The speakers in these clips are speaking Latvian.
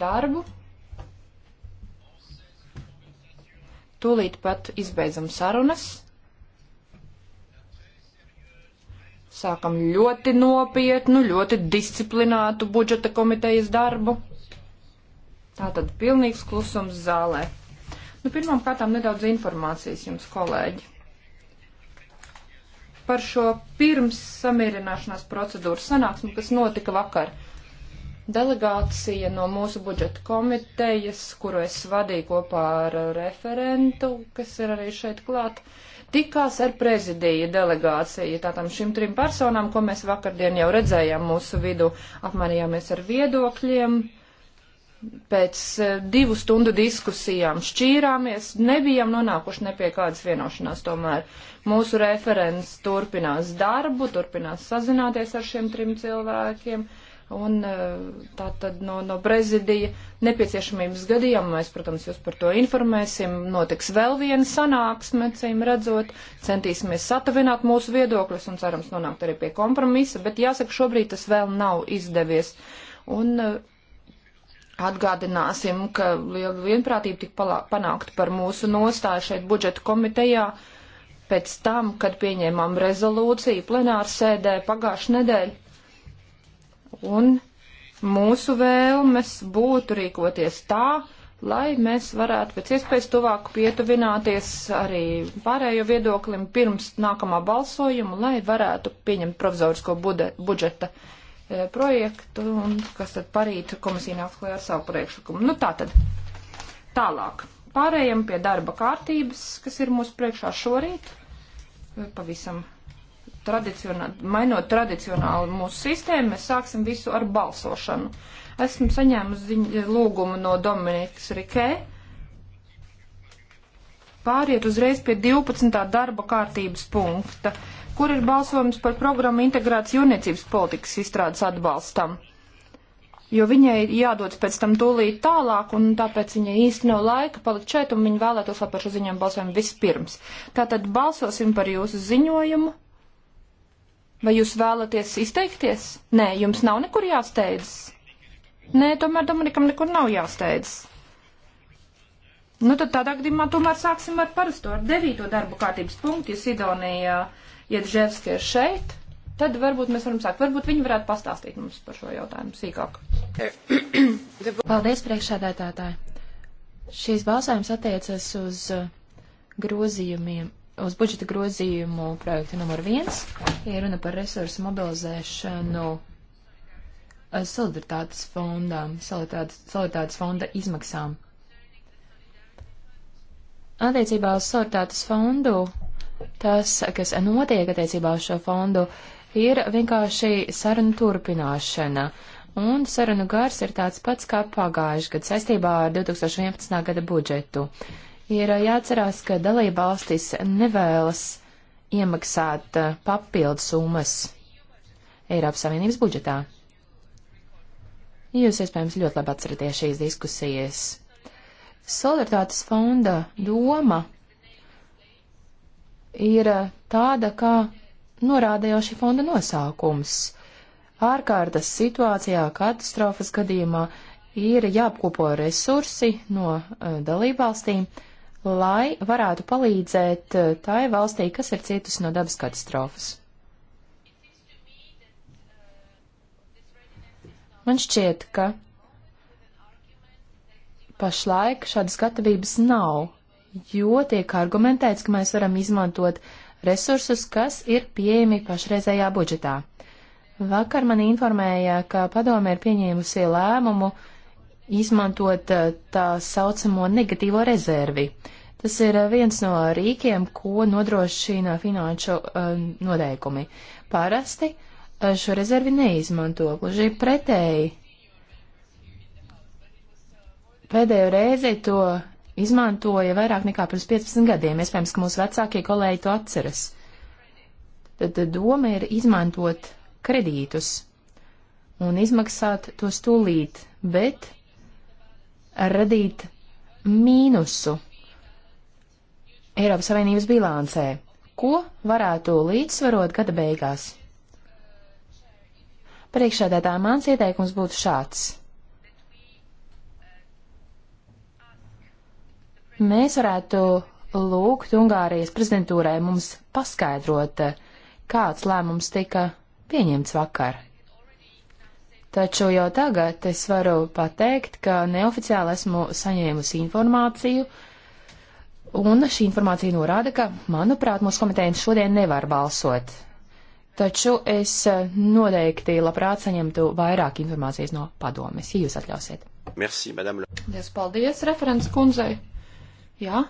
darbu. Tūlīt pat izbeidzam sarunas. Sākam ļoti nopietnu, ļoti disciplinātu budžeta komitejas darbu. Tātad pilnīgs klusums zālē. Nu, pirmām kārtām nedaudz informācijas jums, kolēģi. Par šo pirms samierināšanās procedūru sanāksmi, kas notika vakar. Delegācija no mūsu budžeta komitejas, kuru es vadīju kopā ar referentu, kas ir arī šeit klāt, tikās ar prezidija delegāciju. Tātad šim trim personām, ko mēs vakardien jau redzējām mūsu vidu, apmainījāmies ar viedokļiem. Pēc eh, divu stundu diskusijām šķīrāmies, nebijām nonākuši ne pie kādas vienošanās tomēr. Mūsu referents turpinās darbu, turpinās sazināties ar šiem trim cilvēkiem Un e, tā tad no, no prezidija nepieciešamības gadījumā mēs, protams, jūs par to informēsim. Notiks vēl viena sanāksme, cīm redzot. Centīsimies satavināt mūsu viedokļus un cerams nonākt arī pie kompromisa, bet jāsaka, šobrīd tas vēl nav izdevies. Un e, atgādināsim, ka liela vienprātība tika panākta par mūsu nostāju šeit budžeta komitejā pēc tam, kad pieņēmām rezolūciju plenārsēdē pagājušajā nedēļā un mūsu vēlmes būtu rīkoties tā, lai mēs varētu pēc iespējas tuvāk pietuvināties arī pārējo viedoklim pirms nākamā balsojuma, lai varētu pieņemt provizorisko bude, budžeta e, projektu, un kas tad parīt komisija nāks klajā ar savu priekšlikumu. Nu tā tad. Tālāk. Pārējiem pie darba kārtības, kas ir mūsu priekšā šorīt. E, pavisam tradicionāli, mainot tradicionāli mūsu sistēmu, mēs sāksim visu ar balsošanu. Esmu saņēmusi lūgumu no Dominikas Rikē pāriet uzreiz pie 12. darba kārtības punkta, kur ir balsojums par programmu integrētas jūrniecības politikas izstrādes atbalstam. Jo viņai jādodas pēc tam tūlīt tālāk, un tāpēc viņai īsti nav laika palikt šeit, un viņa vēlētos vēl par šo ziņojumu balsojumu vispirms. Tātad balsosim par jūsu ziņojumu. Vai jūs vēlaties izteikties? Nē, jums nav nekur jāsteidzas. Nē, tomēr Dominikam nekur nav jāsteidzas. Nu, tad tādā gadījumā tomēr sāksim ar parasto, ar devīto darbu kārtības punktu. Ja Sidonija Jedževski ir šeit, tad varbūt mēs varam sākt. Varbūt viņi varētu pastāstīt mums par šo jautājumu sīkāk. Paldies, priekšādētātāji. Šīs balsājums attiecas uz uh, grozījumiem, uz budžeta grozījumu projektu numur viens ja runa par resursu mobilizēšanu eh, solidaritātes fondām, solidaritātes fonda izmaksām. Attiecībā uz solidaritātes fondu, tas, kas notiek attiecībā uz šo fondu, ir vienkārši saruna turpināšana. Un sarunu gars ir tāds pats kā pagājuši gadu saistībā ar 2011. gada budžetu. Ir jāatcerās, ka dalība valstis nevēlas iemaksāt eh, papildu summas Eiropas Savienības budžetā. Jūs, iespējams, ļoti labi atceraties šīs diskusijas. Solidaritātes fonda doma ir eh, tāda, kā norāda jau šī fonda nosaukums. Ārkārtas situācijā, katastrofas gadījumā ir jāapkopo resursi no uh, dalībvalstīm, uh, lai varētu palīdzēt eh, tai valstī, kas ir cietusi no dabas katastrofas. Man šķiet, ka pašlaik šādas gatavības nav, jo tiek argumentēts, ka mēs varam izmantot resursus, kas ir pieejami pašreizējā budžetā. Vakar man informēja, ka padome ir pieņēmusi lēmumu, uh, izmantot eh, tā saucamo negatīvo rezervi. Tas ir eh, viens no rīkiem, ko nodrošina finanšu uh, noteikumi. Parasti uh, šo rezervi neizmanto, gluži pretēji. Pēdējo reizi to izmantoja vairāk nekā pirms 15 gadiem. Iespējams, ka mūsu vecākie kolēģi to atceras. Tad doma ir izmantot kredītus un izmaksāt tos tūlīt, bet radīt mīnusu Eiropas Savienības bilancē, ko varētu līdzsvarot gada beigās. Priekšādētā mans ieteikums būtu šāds. Mēs varētu lūgt Ungārijas prezidentūrai mums paskaidrot, kāds lēmums tika pieņemts vakar. Taču jau tagad es varu pateikt, ka neoficiāli esmu saņēmusi informāciju, un šī informācija norāda, ka, manuprāt, mūsu komitējums šodien nevar balsot. Taču es eh, noteikti labprāt saņemtu vairāk informācijas no padomes, ja jūs atļausiet. Merci, madame. Paldies, paldies, referents kundzei. Jā,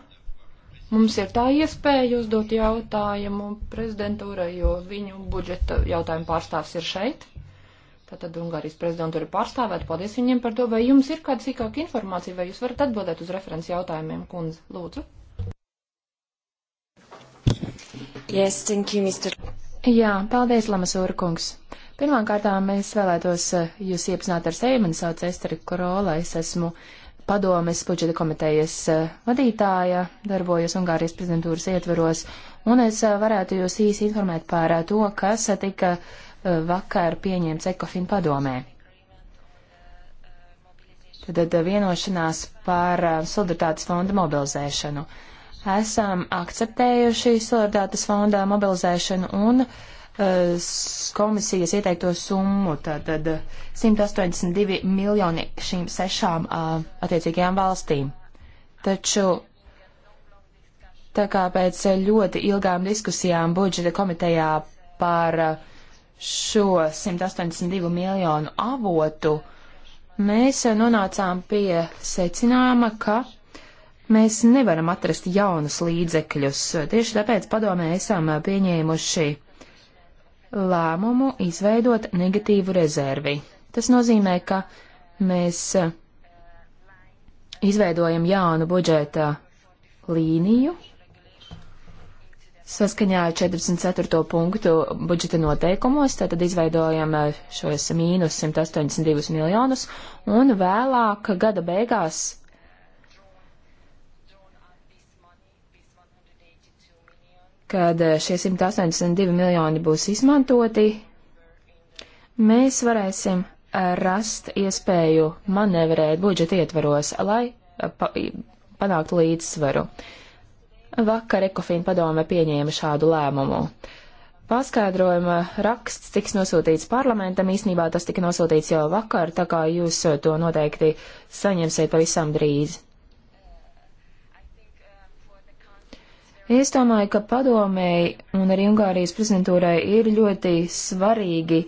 mums ir tā iespēja uzdot jautājumu prezidentūrai, jo viņu budžeta jautājumu pārstāvs ir šeit. Tātad Ungārijas prezidentūra ir pārstāvēta. Paldies viņiem par to. Vai jums ir kāda sīkāka informācija, vai jūs varat atbildēt uz referents jautājumiem, kundze? Lūdzu. Yes, thank you, Mr. Jā, paldies, Lamasūra kungs. Pirmkārtām es vēlētos eh, jūs iepazināt ar sevi. Mani sauc Esteri Korola. Es esmu padomes budžeta komitejas eh, vadītāja, darbojos Ungārijas prezidentūras ietveros, un es eh, varētu jūs īsi informēt par to, kas tika uh, vakar pieņemts Ekofin padomē. Tad vienošanās par uh, solidaritātes fonda mobilizēšanu. Esam akceptējuši solidaritātes fonda mobilizēšanu un uh, komisijas ieteikto summu, tātad 182 uh, miljoni šīm sešām uh, attiecīgajām valstīm. Taču tā kā pēc ļoti ilgām diskusijām budžeta komitejā par uh, šo 182 miljonu avotu, mēs nonācām pie secinājuma, ka mēs nevaram atrast jaunus līdzekļus. Tieši tāpēc padomē esam pieņēmuši lēmumu izveidot negatīvu rezervi. Tas nozīmē, ka mēs izveidojam jaunu budžeta līniju, Saskaņā ar 44. punktu budžeta noteikumos tātad izveidojam eh, šos mīnus 182 miljonus un vēlāk gada beigās kad eh, šie 182 miljoni būs izmantoti, mēs varēsim eh, rast iespēju manevrēt budžeta ietvaros, lai panāktu līdzsvaru. Uh, Vakar Ekofīna padome pieņēma šādu lēmumu. Paskaidrojuma raksts tiks nosūtīts parlamentam, īsnībā tas tika nosūtīts jau vakar, tā kā jūs to noteikti saņemsiet pavisam drīz. Es domāju, ka padomēji un arī Ungārijas prezidentūrai ir ļoti svarīgi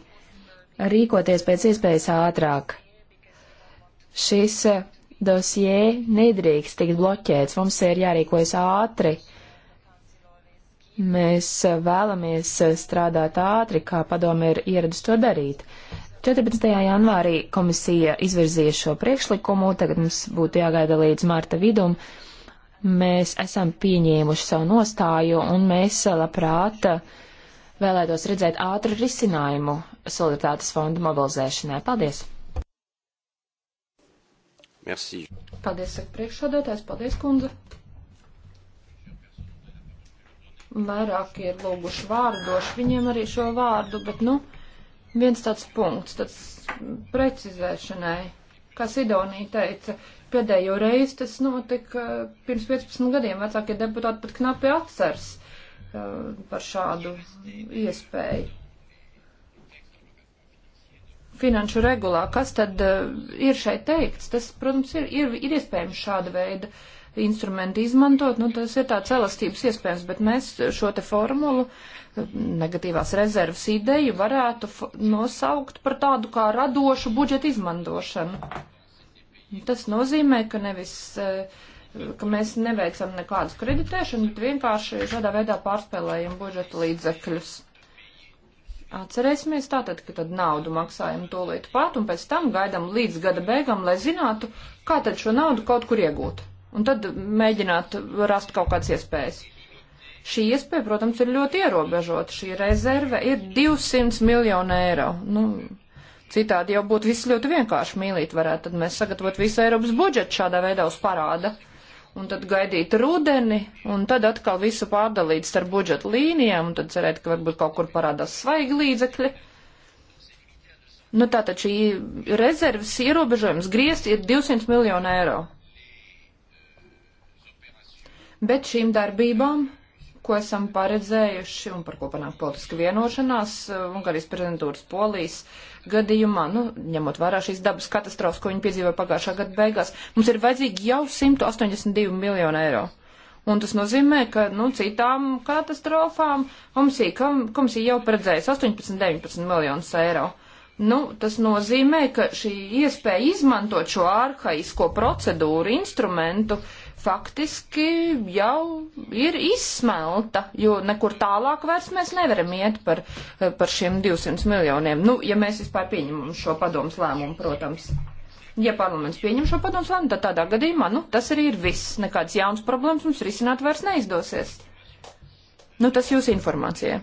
rīkoties pēc iespējas ātrāk. Šis dosie nedrīkst tikt bloķēts. Mums ir jārīkojas ātri. Mēs vēlamies strādāt ātri, kā padome ir ieradus to darīt. 14. janvārī komisija izvirzīja šo priekšlikumu, tagad mums būtu jāgaida līdz marta vidum. Mēs esam pieņēmuši savu nostāju un mēs labprāt vēlētos redzēt ātru risinājumu solidaritātes fonda mobilizēšanai. Paldies! Merci. Paldies, saka priekšsādātājs. Paldies, kundze. Vairāk ir lūguši vārdu, došu viņiem arī šo vārdu, bet, nu, viens tāds punkts, tāds precizēšanai, kā Sidonija teica, pēdējo reizi tas notika uh, pirms 15 gadiem. Vecākie deputāti pat knapi atceras uh, par šādu iespēju finanšu regulā, kas tad eh, ir šeit teikts, tas, protams, ir, ir, ir iespējams šāda veida instrumenti izmantot, nu tas ir tāds elastības iespējams, bet mēs šo te formulu eh, negatīvās rezervas ideju varētu nosaukt par tādu kā radošu budžeta izmantošanu. Tas nozīmē, ka nevis uh, ka mēs neveicam nekādus kreditēšanu, bet vienkārši šādā veidā pārspēlējam budžeta līdzekļus. Atcerēsimies tātad, ka tad naudu maksājam to lietu pat, un pēc tam gaidām līdz gada beigām, lai zinātu, kā tad šo naudu kaut kur iegūt. Un tad mēģināt rast kaut kādas iespējas. Šī iespēja, protams, ir ļoti ierobežota. Šī rezerve ir 200 miljonu eiro. Nu, citādi jau būtu viss ļoti vienkārši mīlīt varētu, tad mēs sagatavot visu Eiropas budžetu šādā veidā uz parāda. Uh, un tad gaidīt rudeni, un tad atkal visu pārdalīt starp budžeta līnijām, un tad cerēt, ka varbūt kaut kur parādās svaigi līdzekļi. Nu, tātad šī rezerves ierobežojums griezt ir 200 miljonu eiro. Bet šīm darbībām ko esam paredzējuši un par ko panāk politiska vienošanās uh, Ungārijas prezidentūras polijas gadījumā, nu, ņemot vērā šīs dabas katastrofas, ko viņi piedzīvoja pagājušā gada beigās, mums ir vajadzīgi jau 182 miljonu eiro. Un tas nozīmē, ka, nu, citām katastrofām komisija, kom, komisija jau paredzējusi 18-19 miljonus eiro. Nu, tas nozīmē, ka šī iespēja izmantot šo ārhaisko procedūru instrumentu uh, faktiski jau ir izsmelta, jo nekur tālāk vairs mēs nevaram iet par, par šiem 200 miljoniem. Nu, ja mēs vispār pieņemam šo padomus lēmumu, protams. Ja parlaments pieņem šo padomus lēmumu, tad tādā gadījumā, nu, tas arī ir viss. Nekāds jauns problēmas mums risināt vairs neizdosies. Nu, tas jūs informācijai.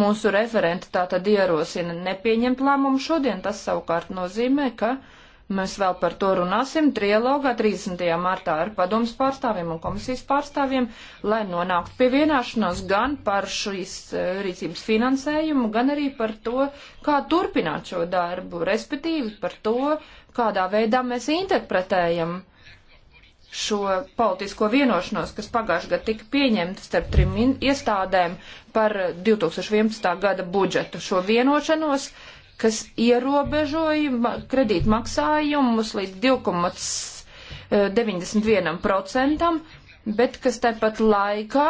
Mūsu referenti tā tad ierosina nepieņemt lēmumu šodien. Tas savukārt nozīmē, ka uh, Mēs vēl par to runāsim trialogā 30. martā ar padomus pārstāvjiem un komisijas pārstāvjiem, lai nonāktu pie vienāšanos gan par šīs eh, rīcības finansējumu, gan arī par to, kā turpināt šo darbu, respektīvi par to, kādā veidā mēs interpretējam šo politisko vienošanos, kas pagājušajā gadā tika pieņemta starp trim iestādēm par 2011. Eh, gada budžetu. Šo vienošanos uh, kas ierobežoja kredītmaksājumus līdz 2,91%, eh, bet kas tāpat laikā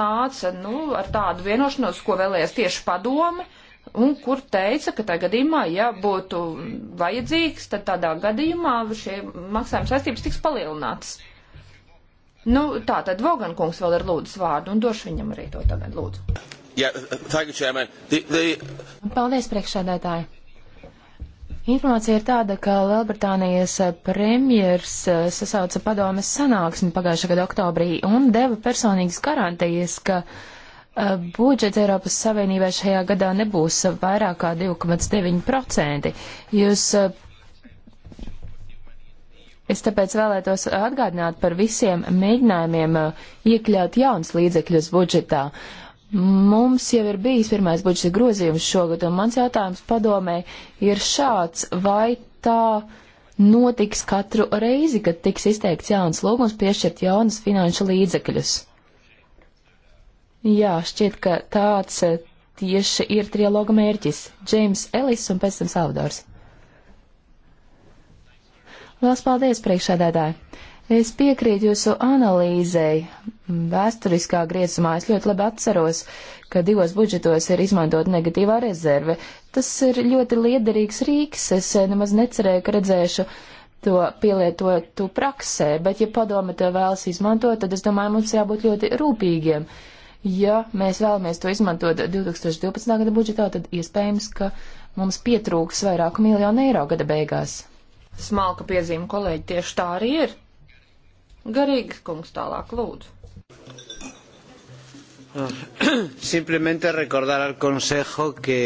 nāca nu, ar tādu vienošanos, ko vēlējās tieši padome, un kur teica, ka tā gadījumā, ja būtu vajadzīgs, tad tādā gadījumā šie maksājuma saistības tiks palielinātas. Nu, tā tad Vogan kungs vēl ir lūdzu vārdu, un došu viņam arī to tagad lūdzu. Yeah, thank you, Chairman. The, the... Paldies, priekšsēdētāji. Informācija ir tāda, ka Lielbritānijas premjers eh, sasauca padomes sanāksmi pagājušā gada oktobrī un deva personīgas garantijas, ka uh, budžets Eiropas Savienībai šajā gadā nebūs vairāk kā 2,9%. Jūs, uh, es tāpēc vēlētos atgādināt par visiem mēģinājumiem uh, iekļaut jaunas līdzekļus budžetā. Uh, Mums jau ir bijis pirmais budžeta grozījums šogad, un mans jautājums padomē ir šāds, vai tā notiks katru reizi, kad tiks izteikts jauns lūgums piešķirt jaunas finanšu līdzekļus? Jā, šķiet, ka tāds eh, tieši ir trialoga mērķis - Džeims Ellis un pēc tam Salvadors. Lielas paldies, priekšādētāji! Es piekrītu jūsu analīzei. Vēsturiskā griezumā es ļoti labi atceros, ka divos budžetos ir izmantot negatīvā rezerve. Tas ir ļoti liederīgs rīks. Es eh, nemaz necerēju, ka redzēšu to pielietotu praksē, bet ja padome to vēlas izmantot, tad es domāju, mums jābūt ļoti rūpīgiem. Ja mēs vēlamies to izmantot 2012. gada budžetā, tad iespējams, ka mums pietrūks vairāku miljonu eiro gada beigās. Smalka piezīme, kolēģi, tieši tā arī ir. Garīgas kungs tālāk lūdzu. Ah, simplemente recordar al consejo que.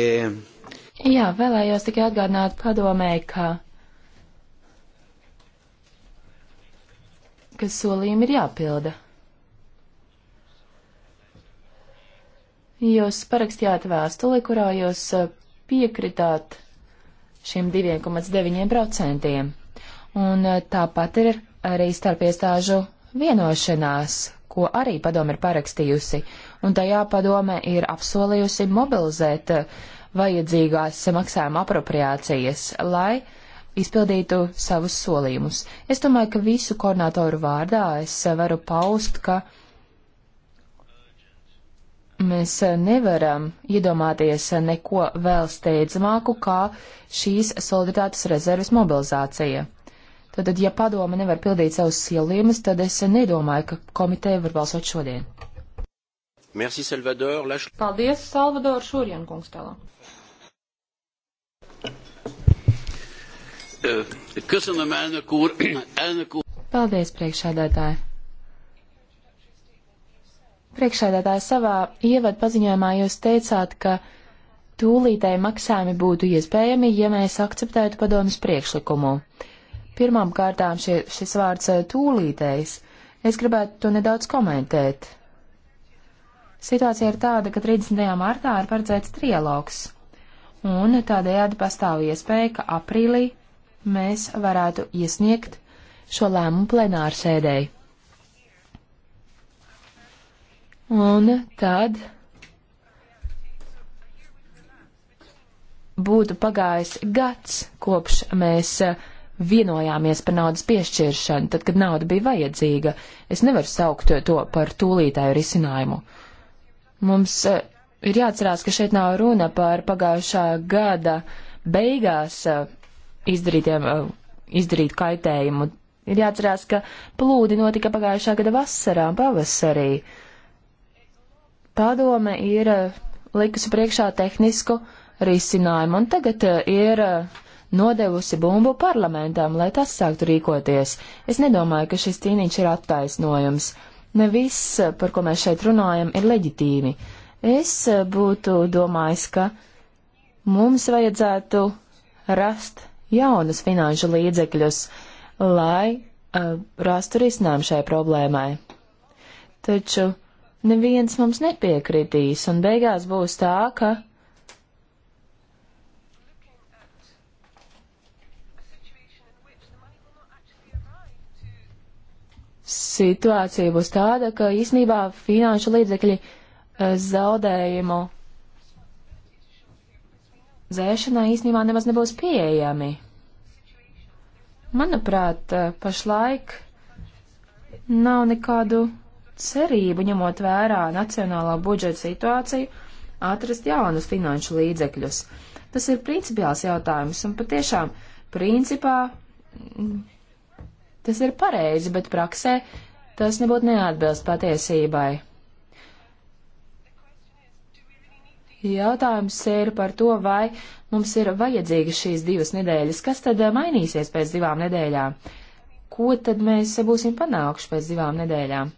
Jā, vēlējos tikai atgādināt padomēji, ka. ka solījumi ir jāpilda. Jūs parakstījāt vēstuli, kurā jūs eh, piekritāt šiem 2,9%. Un eh, tāpat ir arī starpiestāžu vienošanās, ko arī padome ir parakstījusi, un tajā padome ir apsolījusi mobilizēt eh, vajadzīgās maksājuma apropriācijas, lai izpildītu savus solījumus. Es domāju, ka visu koordinātoru vārdā es varu paust, ka mēs nevaram iedomāties neko vēl steidzamāku kā šīs solidaritātes rezerves mobilizācija. Tātad, ja padoma nevar pildīt savus solījumus, tad es nedomāju, ka komiteja var balsot šodien. Merci, Salvador. Laš... Paldies, Salvador Šurjan kungs tālāk. Eh, köszönöm, elnök úr. Elnök úr. Paldies, priekšsēdētāji. Priekšsēdētāji, savā ievadu paziņojumā jūs teicāt, ka tūlītēji maksājumi būtu iespējami, ja mēs akceptētu padomas priekšlikumu. Uh, Pirmām kārtām šie, šis vārds eh, tūlītējs. Es gribētu to nedaudz komentēt. Situācija ir tāda, ka 30. martā ir paredzēts trialogs, un tādējādi pastāv iespēja, ka aprīlī mēs varētu iesniegt šo lēmumu plenāru sēdēji. Un tad būtu pagājis gads, kopš mēs eh, vienojāmies par naudas piešķiršanu, tad, kad nauda bija vajadzīga. Es nevaru saukt to par tūlītēju risinājumu. Mums eh, ir jāatcerās, ka šeit nav runa par pagājušā gada beigās eh, izdarītiem, eh, izdarīt kaitējumu. Ir jāatcerās, ka plūdi notika pagājušā gada vasarā un pavasarī. Padome ir likusi priekšā tehnisku risinājumu, un tagad ir uh, nodevusi bumbu parlamentam, lai tas sāktu rīkoties. Es nedomāju, ka šis cīniņš ir attaisnojums. Ne viss, par ko mēs šeit runājam, ir leģitīmi. Es eh, būtu domājis, ka mums vajadzētu rast jaunus finanšu līdzekļus, lai uh, rastu risinājumu šai problēmai. Taču neviens mums nepiekritīs, un beigās būs tā, ka situācija būs tāda, ka īsnībā finanšu līdzekļi e, zaudējumu dzēšanai īsnībā nemaz nebūs pieejami. Manuprāt, e, pašlaik nav nekādu cerību, ņemot vērā nacionālā budžeta situāciju, atrast jaunus finanšu līdzekļus. Tas ir principiāls jautājums, un patiešām, principā, mm, tas ir pareizi, bet praksē Tas nebūtu neatbilst patiesībai. Jautājums ir par to, vai mums ir vajadzīgas šīs divas nedēļas. Kas tad eh, mainīsies pēc divām nedēļām? Ko tad mēs būsim panākuši pēc divām nedēļām?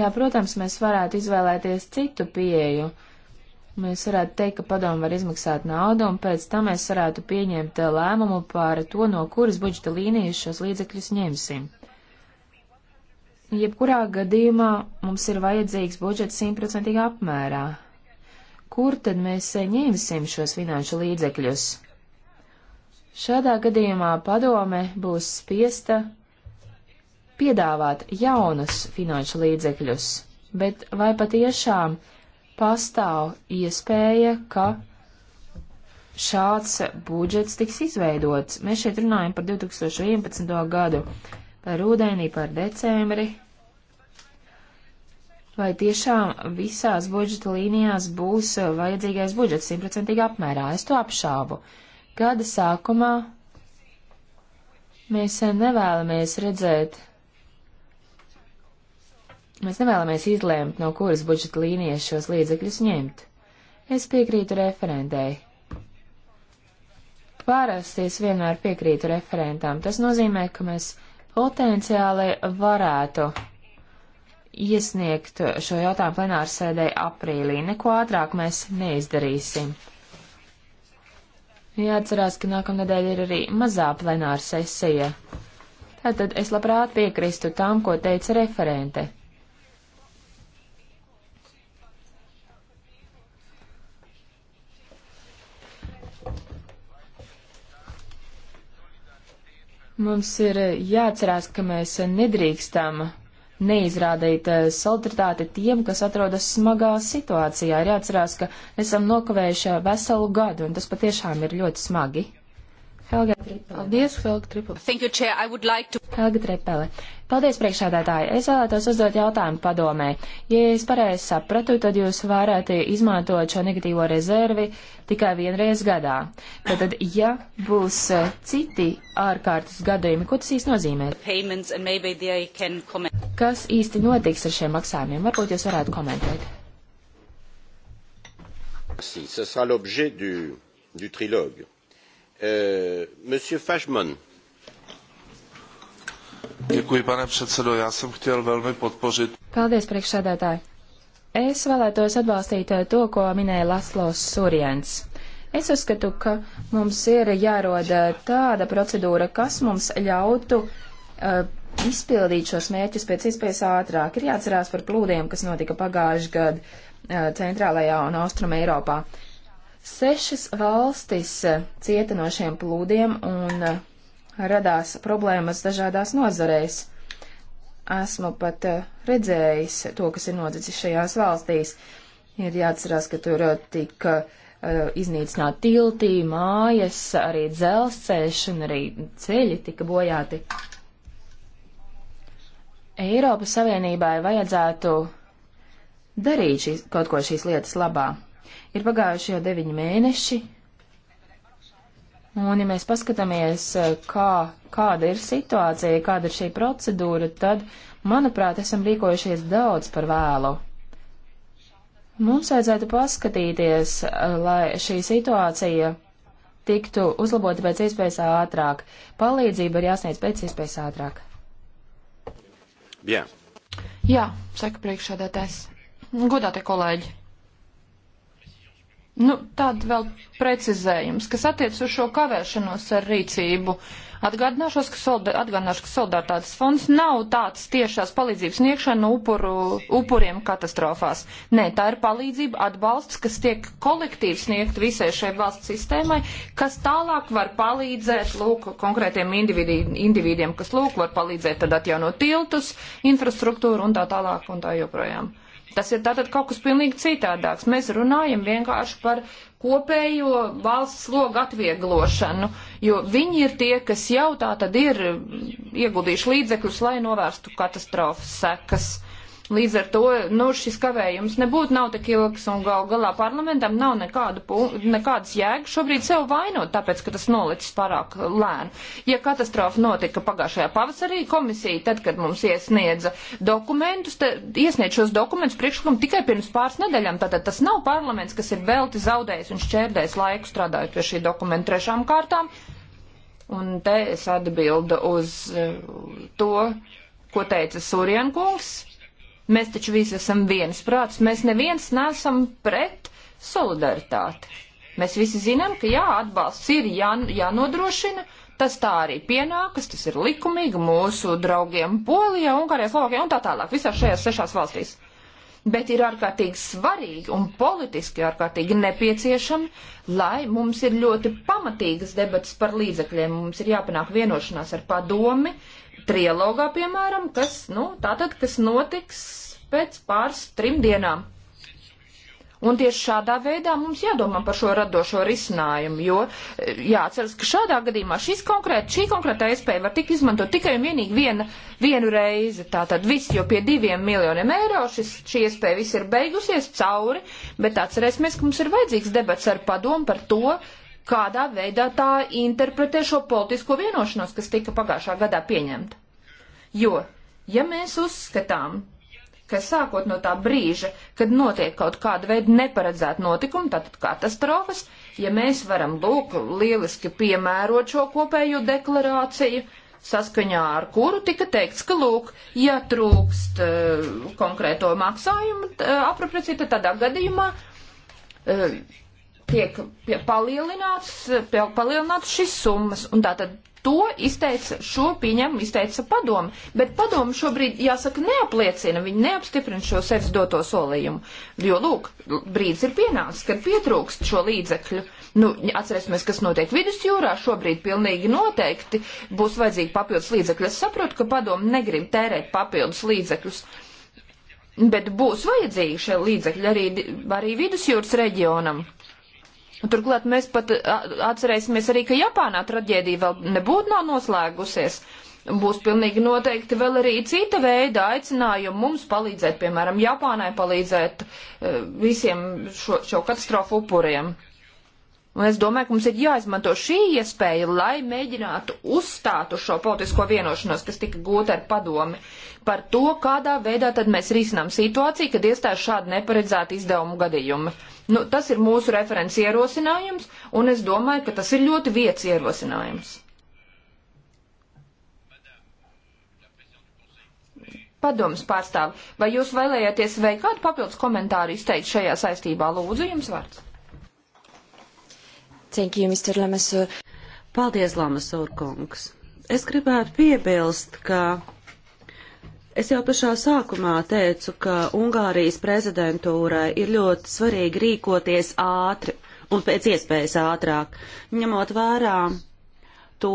Jā, protams, mēs varētu izvēlēties citu pieeju. Mēs varētu teikt, ka padomu var izmaksāt naudu, un pēc tam mēs varētu pieņemt eh, lēmumu par to, no kuras budžeta līnijas šos līdzekļus ņemsim. Jebkurā gadījumā mums ir vajadzīgs budžets simtprocentīgā apmērā. Kur tad mēs eh, ņemsim šos finanšu līdzekļus? Šādā gadījumā padome būs spiesta piedāvāt jaunus finanšu līdzekļus, bet vai patiešām pastāv iespēja, ka šāds budžets tiks izveidots. Mēs šeit runājam par 2011. gadu, par rudenī, par decembri vai tiešām visās budžeta līnijās būs eh, vajadzīgais budžets simtprocentīgi apmērā. Es to apšābu. Gada sākumā mēs eh, nevēlamies redzēt, mēs nevēlamies izlēmt, no kuras budžeta līnijas šos līdzekļus ņemt. Es piekrītu referentēji. Parasti es vienmēr piekrītu referentām. Tas nozīmē, ka mēs potenciāli varētu iesniegt šo jautājumu plenārsēdē aprīlī. Neko ātrāk mēs neizdarīsim. Jāatcerās, ka nākamnedēļ ir arī mazā plenāra sesija. Tātad es labprāt piekrīstu tam, ko teica referente. Mums ir jāatcerās, ka mēs nedrīkstam neizrādīt eh, solidaritāti tiem, kas atrodas smagā situācijā. Ir jāatcerās, ka esam nokavējuši veselu gadu, un tas patiešām ir ļoti smagi. Helga Tripele. Paldies, Helga Tripele. Thank you, Chair. I would like to. Helga Tripele. Paldies, priekšādātāji. Es vēlētos uzdot jautājumu padomē. Ja es pareizi sapratu, tad jūs varētu izmantot šo negatīvo rezervi tikai vienreiz gadā. Tātad, ja būs e, citi ārkārtas gadījumi, ko tas īsti nozīmē? Kas īsti notiks ar šiem maksājumiem? Varbūt jūs varētu komentēt. Merci. Ce sera l'objet du, du trilogue Eh, Děkuji, pane předsedo. Já jsem chtěl velmi podpořit. Paldies, priekšsēdētāji. Es vēlētos atbalstīt eh, to, ko minēja Laslos Surjens. Es uzskatu, ka mums ir jāroda tāda procedūra, kas mums ļautu uh, izpildīt šos mērķus pēc iespējas ātrāk. Ir jāatcerās par plūdiem, kas notika pagājuši gadu uh, centrālajā un austruma Eiropā. Uh, Sešas valstis eh, cieta no šiem plūdiem un eh, radās problēmas dažādās nozarēs. Esmu pat eh, redzējis to, kas ir noticis šajās valstīs. Ir jāatcerās, ka tur tika iznīcināt tiltī, mājas, arī dzelzceļš un arī ceļi tika bojāti. Eiropas Savienībai vajadzētu darīt šīs, kaut ko šīs lietas labā. Ir pagājuši jau deviņi mēneši, un ja mēs paskatāmies, eh, kā, kāda ir situācija, kāda ir šī procedūra, tad, manuprāt, esam rīkojušies daudz par vēlu. Mums vajadzētu paskatīties, eh, lai šī situācija tiktu uzlabota pēc iespējas ātrāk. Palīdzība ir jāsniedz pēc iespējas ātrāk. Bien. Jā, saka priekšsēdētājs. Godātie kolēģi, Nu, tad vēl precizējums, kas attiec uz šo kavēšanos ar rīcību. Atgādināšos, ka, solda, atgādināšu, ka solidaritātes fonds nav tāds tiešās palīdzības sniegšana upuru, upuriem katastrofās. Nē, tā ir palīdzība, atbalsts, kas tiek kolektīvi sniegt visai šai valsts sistēmai, kas tālāk var palīdzēt, lūk, konkrētiem individi, individiem, kas, lūk, var palīdzēt tad atjaunot tiltus, infrastruktūru un tā tālāk un tā joprojām. Tas ir tātad kaut kas pilnīgi citādāks. Mēs runājam vienkārši par kopējo valsts slogu atvieglošanu, jo viņi ir tie, kas jau tā tad ir ieguldījuši līdzekļus, lai novērstu katastrofas sekas. Uh, Līdz ar to nu, šis kavējums nebūtu nav tik ilgs un gal galā parlamentam nav nekāda, nekādas jēgas šobrīd sev vainot, tāpēc, ka tas nolicis pārāk lēni. Ja katastrofa notika pagājušajā pavasarī, komisija, tad, kad mums iesniedza dokumentus, iesniedz šos dokumentus priekšlikumu tikai pirms pāris nedēļām, tātad tas nav parlaments, kas ir velti zaudējis un šķērdējis laiku strādājot pie šī dokumenta trešām kārtām. Un te es atbildu uz eh, to, ko teica Surjankungs. Mēs taču visi esam viens prāts, mēs neviens nesam pret solidaritāti. Mēs visi zinām, ka jā, atbalsts ir jā, jānodrošina, tas tā arī pienākas, tas ir likumīgi mūsu draugiem Polijā, Ungārijā, Slovākijā un tā tālāk, visās šajās sešās valstīs. Bet ir ārkārtīgi svarīgi un politiski ārkārtīgi nepieciešami, lai mums ir ļoti pamatīgas debatas par līdzekļiem, mums ir jāpanāk vienošanās ar padomi, uh, trialogā, piemēram, kas, nu, tātad, kas notiks pēc pāris trim dienām. Un tieši šādā veidā mums jādomā par šo radošo risinājumu, jo eh, jāatceras, ka šādā gadījumā šis konkrēt, šī konkrētā iespēja var tik izmantot tikai un vienīgi viena, vienu reizi. Tātad viss, jo pie diviem miljoniem eiro šis, šī iespēja viss ir beigusies cauri, bet atcerēsimies, ka mums ir vajadzīgs debats ar padomu par to, kādā veidā tā interpretē šo politisko vienošanos, kas tika pagājušā gadā pieņemta. Jo, ja mēs uzskatām, ka sākot no tā brīža, kad notiek kaut kāda veida neparedzēta notikuma, tātad katastrofas, ja mēs varam lūk lieliski piemērot šo kopējo deklarāciju, saskaņā ar kuru tika teikts, ka lūk, ja trūkst uh, konkrēto maksājumu uh, eh, apropriecīta, tad tādā gadījumā uh, tiek palielināts, palielināts šis summas, un tātad to izteica, šo pieņēmumu izteica padomu, bet padomu šobrīd, jāsaka, neapliecina, viņi neapstiprina šo sevis doto solījumu, jo, lūk, brīdis ir pienācis, kad pietrūkst šo līdzekļu. Nu, atcerēsimies, kas notiek vidusjūrā, šobrīd pilnīgi noteikti būs vajadzīgi papildus līdzekļi. Es saprotu, ka padomu negrib tērēt papildus līdzekļus, bet būs vajadzīgi šie līdzekļi arī, arī vidusjūras reģionam. Un nu, turklāt mēs pat atcerēsimies arī, ka Japānā traģēdija vēl nebūtu nav noslēgusies. Būs pilnīgi noteikti vēl arī cita veida aicinājumi mums palīdzēt, piemēram, Japānai palīdzēt eh, visiem šo, šo katastrofu upuriem. Un es domāju, ka mums ir jāizmanto šī iespēja, lai mēģinātu uzstāt uz šo politisko vienošanos, kas tika gūta ar padomi, par to, kādā veidā tad mēs risinām situāciju, kad iestājas šādi neparedzēti izdevumu gadījumi. Nu, tas ir mūsu referents ierosinājums, un es domāju, ka tas ir ļoti vietas ierosinājums. Padomas pārstāvi, vai jūs vēlējāties vai kādu papildus komentāru izteikt šajā saistībā? Lūdzu, jums vārds. Thank you, Mr. Lamasur. Paldies, Lamasur kungs. Es gribētu piebilst, ka Es jau pašā sākumā teicu, ka Ungārijas prezidentūrai ir ļoti svarīgi rīkoties ātri un pēc iespējas ātrāk, ņemot vērā to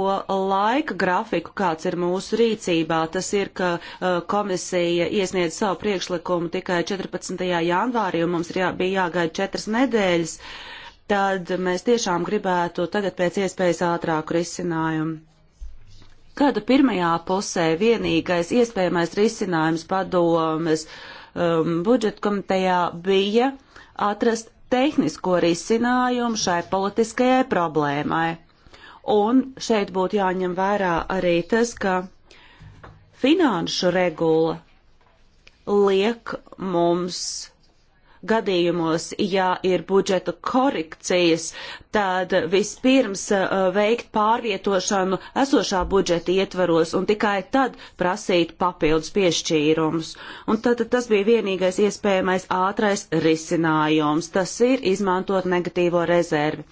laika grafiku, kāds ir mūsu rīcībā. Tas ir, ka uh, komisija iesniedz savu priekšlikumu tikai 14. janvārī, un mums jā, bija jāgaida četras nedēļas. Uh, tad mēs tiešām gribētu tagad pēc iespējas ātrāku risinājumu. Gada pirmajā pusē vienīgais iespējamais risinājums padomes um, budžeta komitejā bija atrast tehnisko risinājumu šai politiskajai problēmai. Un šeit būtu jāņem vērā arī tas, ka finanšu regula liek mums gadījumos, ja ir budžeta korekcijas, tad vispirms uh, veikt pārvietošanu esošā budžeta ietvaros un tikai tad prasīt papildus piešķīrumus. Un tad, tad tas bija vienīgais iespējamais ātrais risinājums. Tas ir izmantot negatīvo rezervi.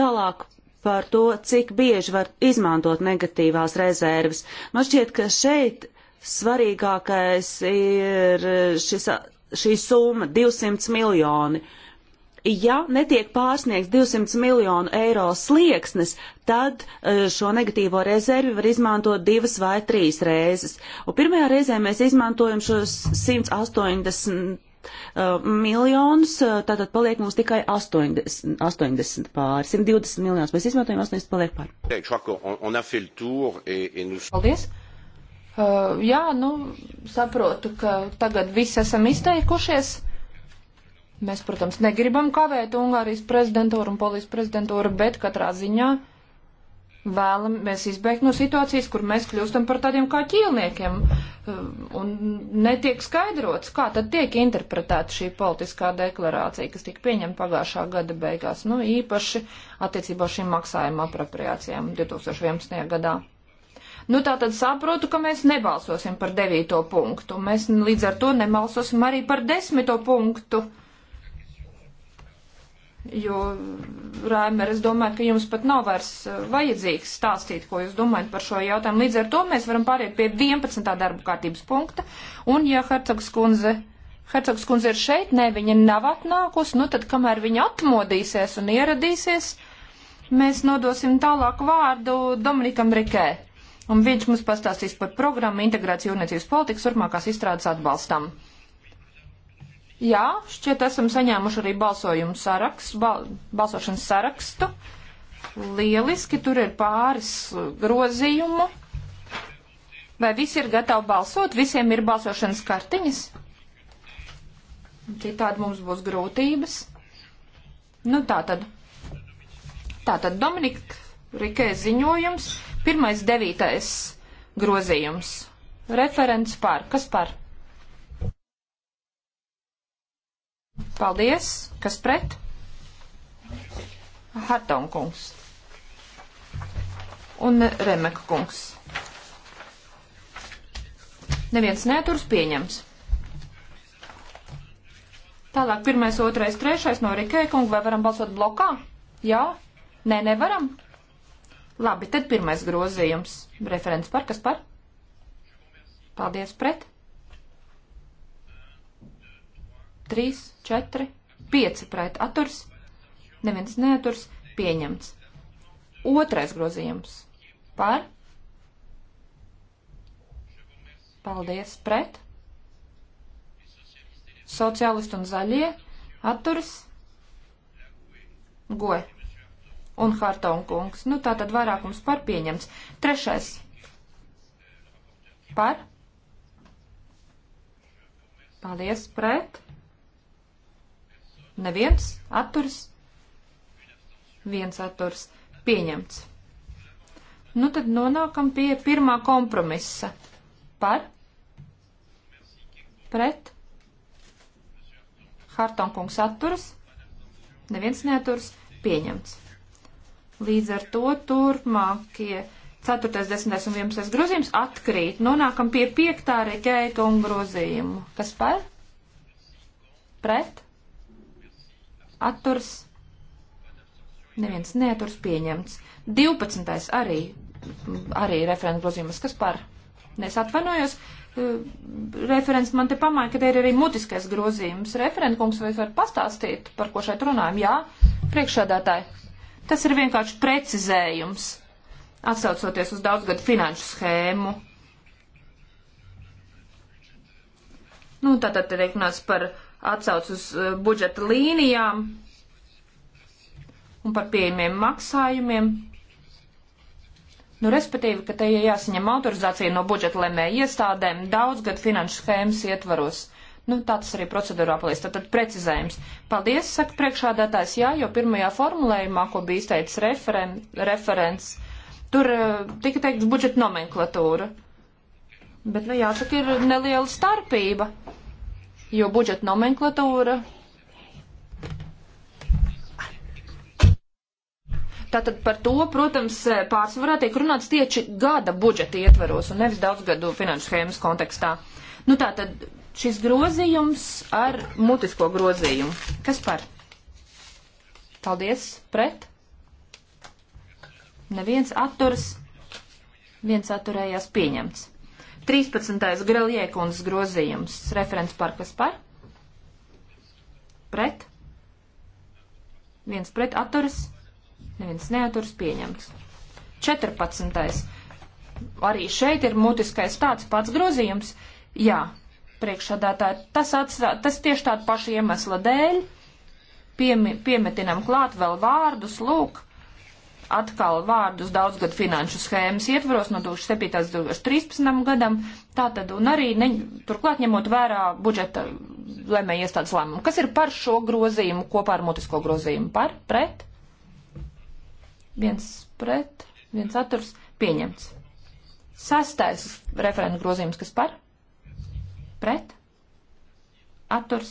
Tālāk par to, cik bieži var izmantot negatīvās rezerves. Man šķiet, ka šeit svarīgākais ir šis šī summa 200 miljoni. Ja netiek pārsniegts 200 miljonu eiro slieksnis, tad e, šo negatīvo rezervi var izmantot divas vai trīs reizes. Un pirmajā reizē mēs izmantojam šos 180 uh, e, miljonus, e, tātad paliek mums tikai 80, 80 pāri, 120 miljonus. Mēs izmantojam 80, paliek pāri. Paldies! Uh, jā, nu, saprotu, ka tagad visi esam izteikušies. Mēs, protams, negribam kavēt Ungārijas prezidentūru un polijas prezidentūru, bet katrā ziņā vēlamies izbeigt no situācijas, kur mēs kļūstam par tādiem kā ķīlniekiem uh, un netiek skaidrots, kā tad tiek interpretēta šī politiskā deklarācija, kas tika pieņemta pagājušā gada beigās, nu īpaši attiecībā šīm maksājuma apropriācijām 2011. gadā. Nu, tā tad saprotu, ka mēs nebalsosim par devīto punktu. Mēs līdz ar to nebalsosim arī par desmito punktu. Jo, Rēmer, es domāju, ka jums pat nav vairs eh, vajadzīgs stāstīt, ko jūs domājat par šo jautājumu. Līdz ar to mēs varam pāriet pie 11. darba kārtības punkta. Un, ja Hercogs kundze, Hercogs kundze ir šeit, ne, viņa nav atnākus, nu tad, kamēr viņa atmodīsies un ieradīsies, mēs nodosim tālāk vārdu Dominikam Rikē un viņš mums pastāstīs par programmu integrāciju jūrniecības politikas turpmākās izstrādes atbalstam. Jā, šķiet esam saņēmuši arī balsojumu sarakstu, bal, balsošanas sarakstu. Lieliski, tur ir pāris uh, grozījumu. Vai visi ir gatavi balsot? Visiem ir balsošanas kartiņas? Citādi mums būs grūtības. Nu tā tad. Tā tad, Dominika, Rikē ziņojums. Pirmais devītais grozījums. Referents par. Kas par? Paldies. Kas pret? Hartonkungs. Un Remekkungs. Neviens neturs pieņems. Tālāk pirmais, otrais, trešais no Rikē kunga. Vai varam balsot blokā? Jā? Nē, nevaram. Labi, tad pirmais grozījums. Referents par, kas par? Paldies, pret. 3, 4, 5 pret aturs. Neviens neaturs. Pieņemts. Otrais grozījums. Par. Paldies, pret. Sociālisti un zaļie. Atturas. Goja un Hartonkungs. Nu, tā tad vairākums par pieņemts. Trešais. Par. Paldies, pret. Neviens. Atturs. Viens atturs. Pieņemts. Nu, tad nonākam pie pirmā kompromisa. Par. Pret. Hartonkungs atturas. Neviens neaturas. Pieņemts. Līdz ar to turpmākie 4., 10. un 11. grozījums atkrīt. Nonākam pie 5. reģēta un grozījumu. Kas par? Pret? Atturs? Neviens neaturs pieņemts. 12. arī, arī referents grozījums. Kas par? Nes atvainojos. E, referents man te pamāja, ka te ir arī mutiskais grozījums. Referentkungs, vai var pastāstīt, par ko šeit runājam? Jā, priekšādātāji. Tas ir vienkārši precizējums, atsaucoties uz daudzgadu finanšu schēmu. Nu, tātad te tiek runāts par atsauc uz eh, budžeta līnijām un par pieejamiem maksājumiem. Nu, respektīvi, ka te jāsaņem autorizācija no budžeta lemē iestādēm daudzgad finanšu schēmas ietvaros. Nu, tā tas arī procedūrā paliek. Tātad precizējums. Paldies, saka priekšādātājs, jā, jo pirmajā formulējumā, ko bija izteicis referen, referents, tur eh, tika teikts budžeta nomenklatūra. Bet, nu, jāsaka, ir neliela starpība, jo budžeta nomenklatūra Tātad par to, protams, eh, pārsvarā tiek runāts tieši gada budžeta ietvaros un nevis daudzgadu finanšu schēmas kontekstā. Nu, tātad šis grozījums ar mutisko grozījumu. Kas par? Paldies, pret. Neviens atturas, viens atturējās pieņemts. 13. Greliekundas grozījums, referents par kas par? Pret. Viens pret atturas, neviens neaturas pieņemts. 14. Arī šeit ir mutiskais tāds pats grozījums. Jā, priekšsādātāji. Tas, atstā, tas tieši tāda paša iemesla dēļ piemi, piemetinam klāt vēl vārdus, lūk, atkal vārdus daudzgad finanšu schēmas ietvaros no 2007. līdz 2013. gadam, tātad un arī ne, turklāt ņemot vērā budžeta lemē iestādes lēmumu. Kas ir par šo grozījumu kopā ar mutisko grozījumu? Par? Pret? Viens pret, viens atturs pieņemts. Sastais referenta grozījums, kas par? pret, atturs,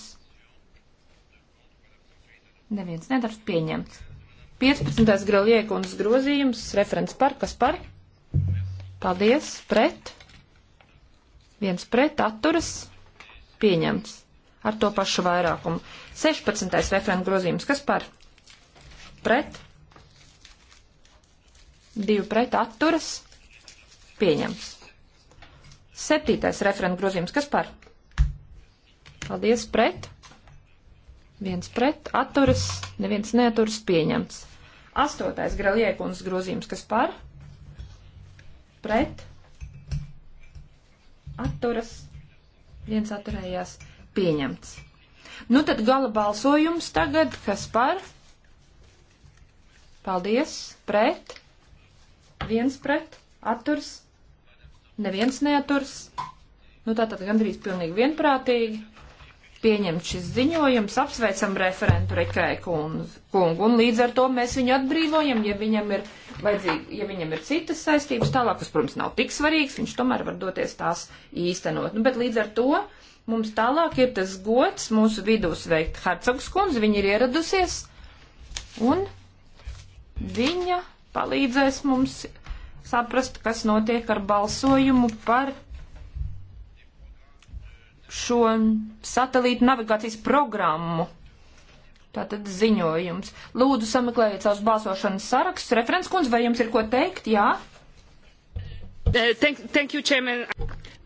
neviens nedarbs pieņemts. 15. graliekunas grozījums, referents par, kas par? Paldies, pret, viens pret, atturas, pieņemts ar to pašu vairākumu. 16. referenta grozījums, kas par pret, divi pret atturas, pieņems. 7. referenta grozījums, kas par Paldies pret. Viens pret. Atturas. Neviens neaturas pieņemts. Astotais greliekundas grozījums, kas par? Pret. Atturas. Viens atturējās. Pieņemts. Nu tad gala balsojums tagad, kas par? Paldies. Pret. Viens pret. Atturs. Neviens neaturs. Nu, tā tad gandrīz pilnīgi vienprātīgi pieņemts šis ziņojums, apsveicam referentu Rikai kungu, un līdz ar to mēs viņu atbrīvojam, ja viņam ir, ja viņam ir citas saistības tālāk, kas, protams, nav tik svarīgs, viņš tomēr var doties tās īstenot. Nu, bet līdz ar to mums tālāk ir tas gods mūsu vidū sveikt Hercogs kundze, viņa ir ieradusies, un viņa palīdzēs mums saprast, kas notiek ar balsojumu par šo satelītu navigācijas programmu. Tātad ziņojums. Lūdzu, sameklējiet savus balsošanas sarakstus. Referents kundze, vai jums ir ko teikt? Jā? Uh, thank, thank you, chairman.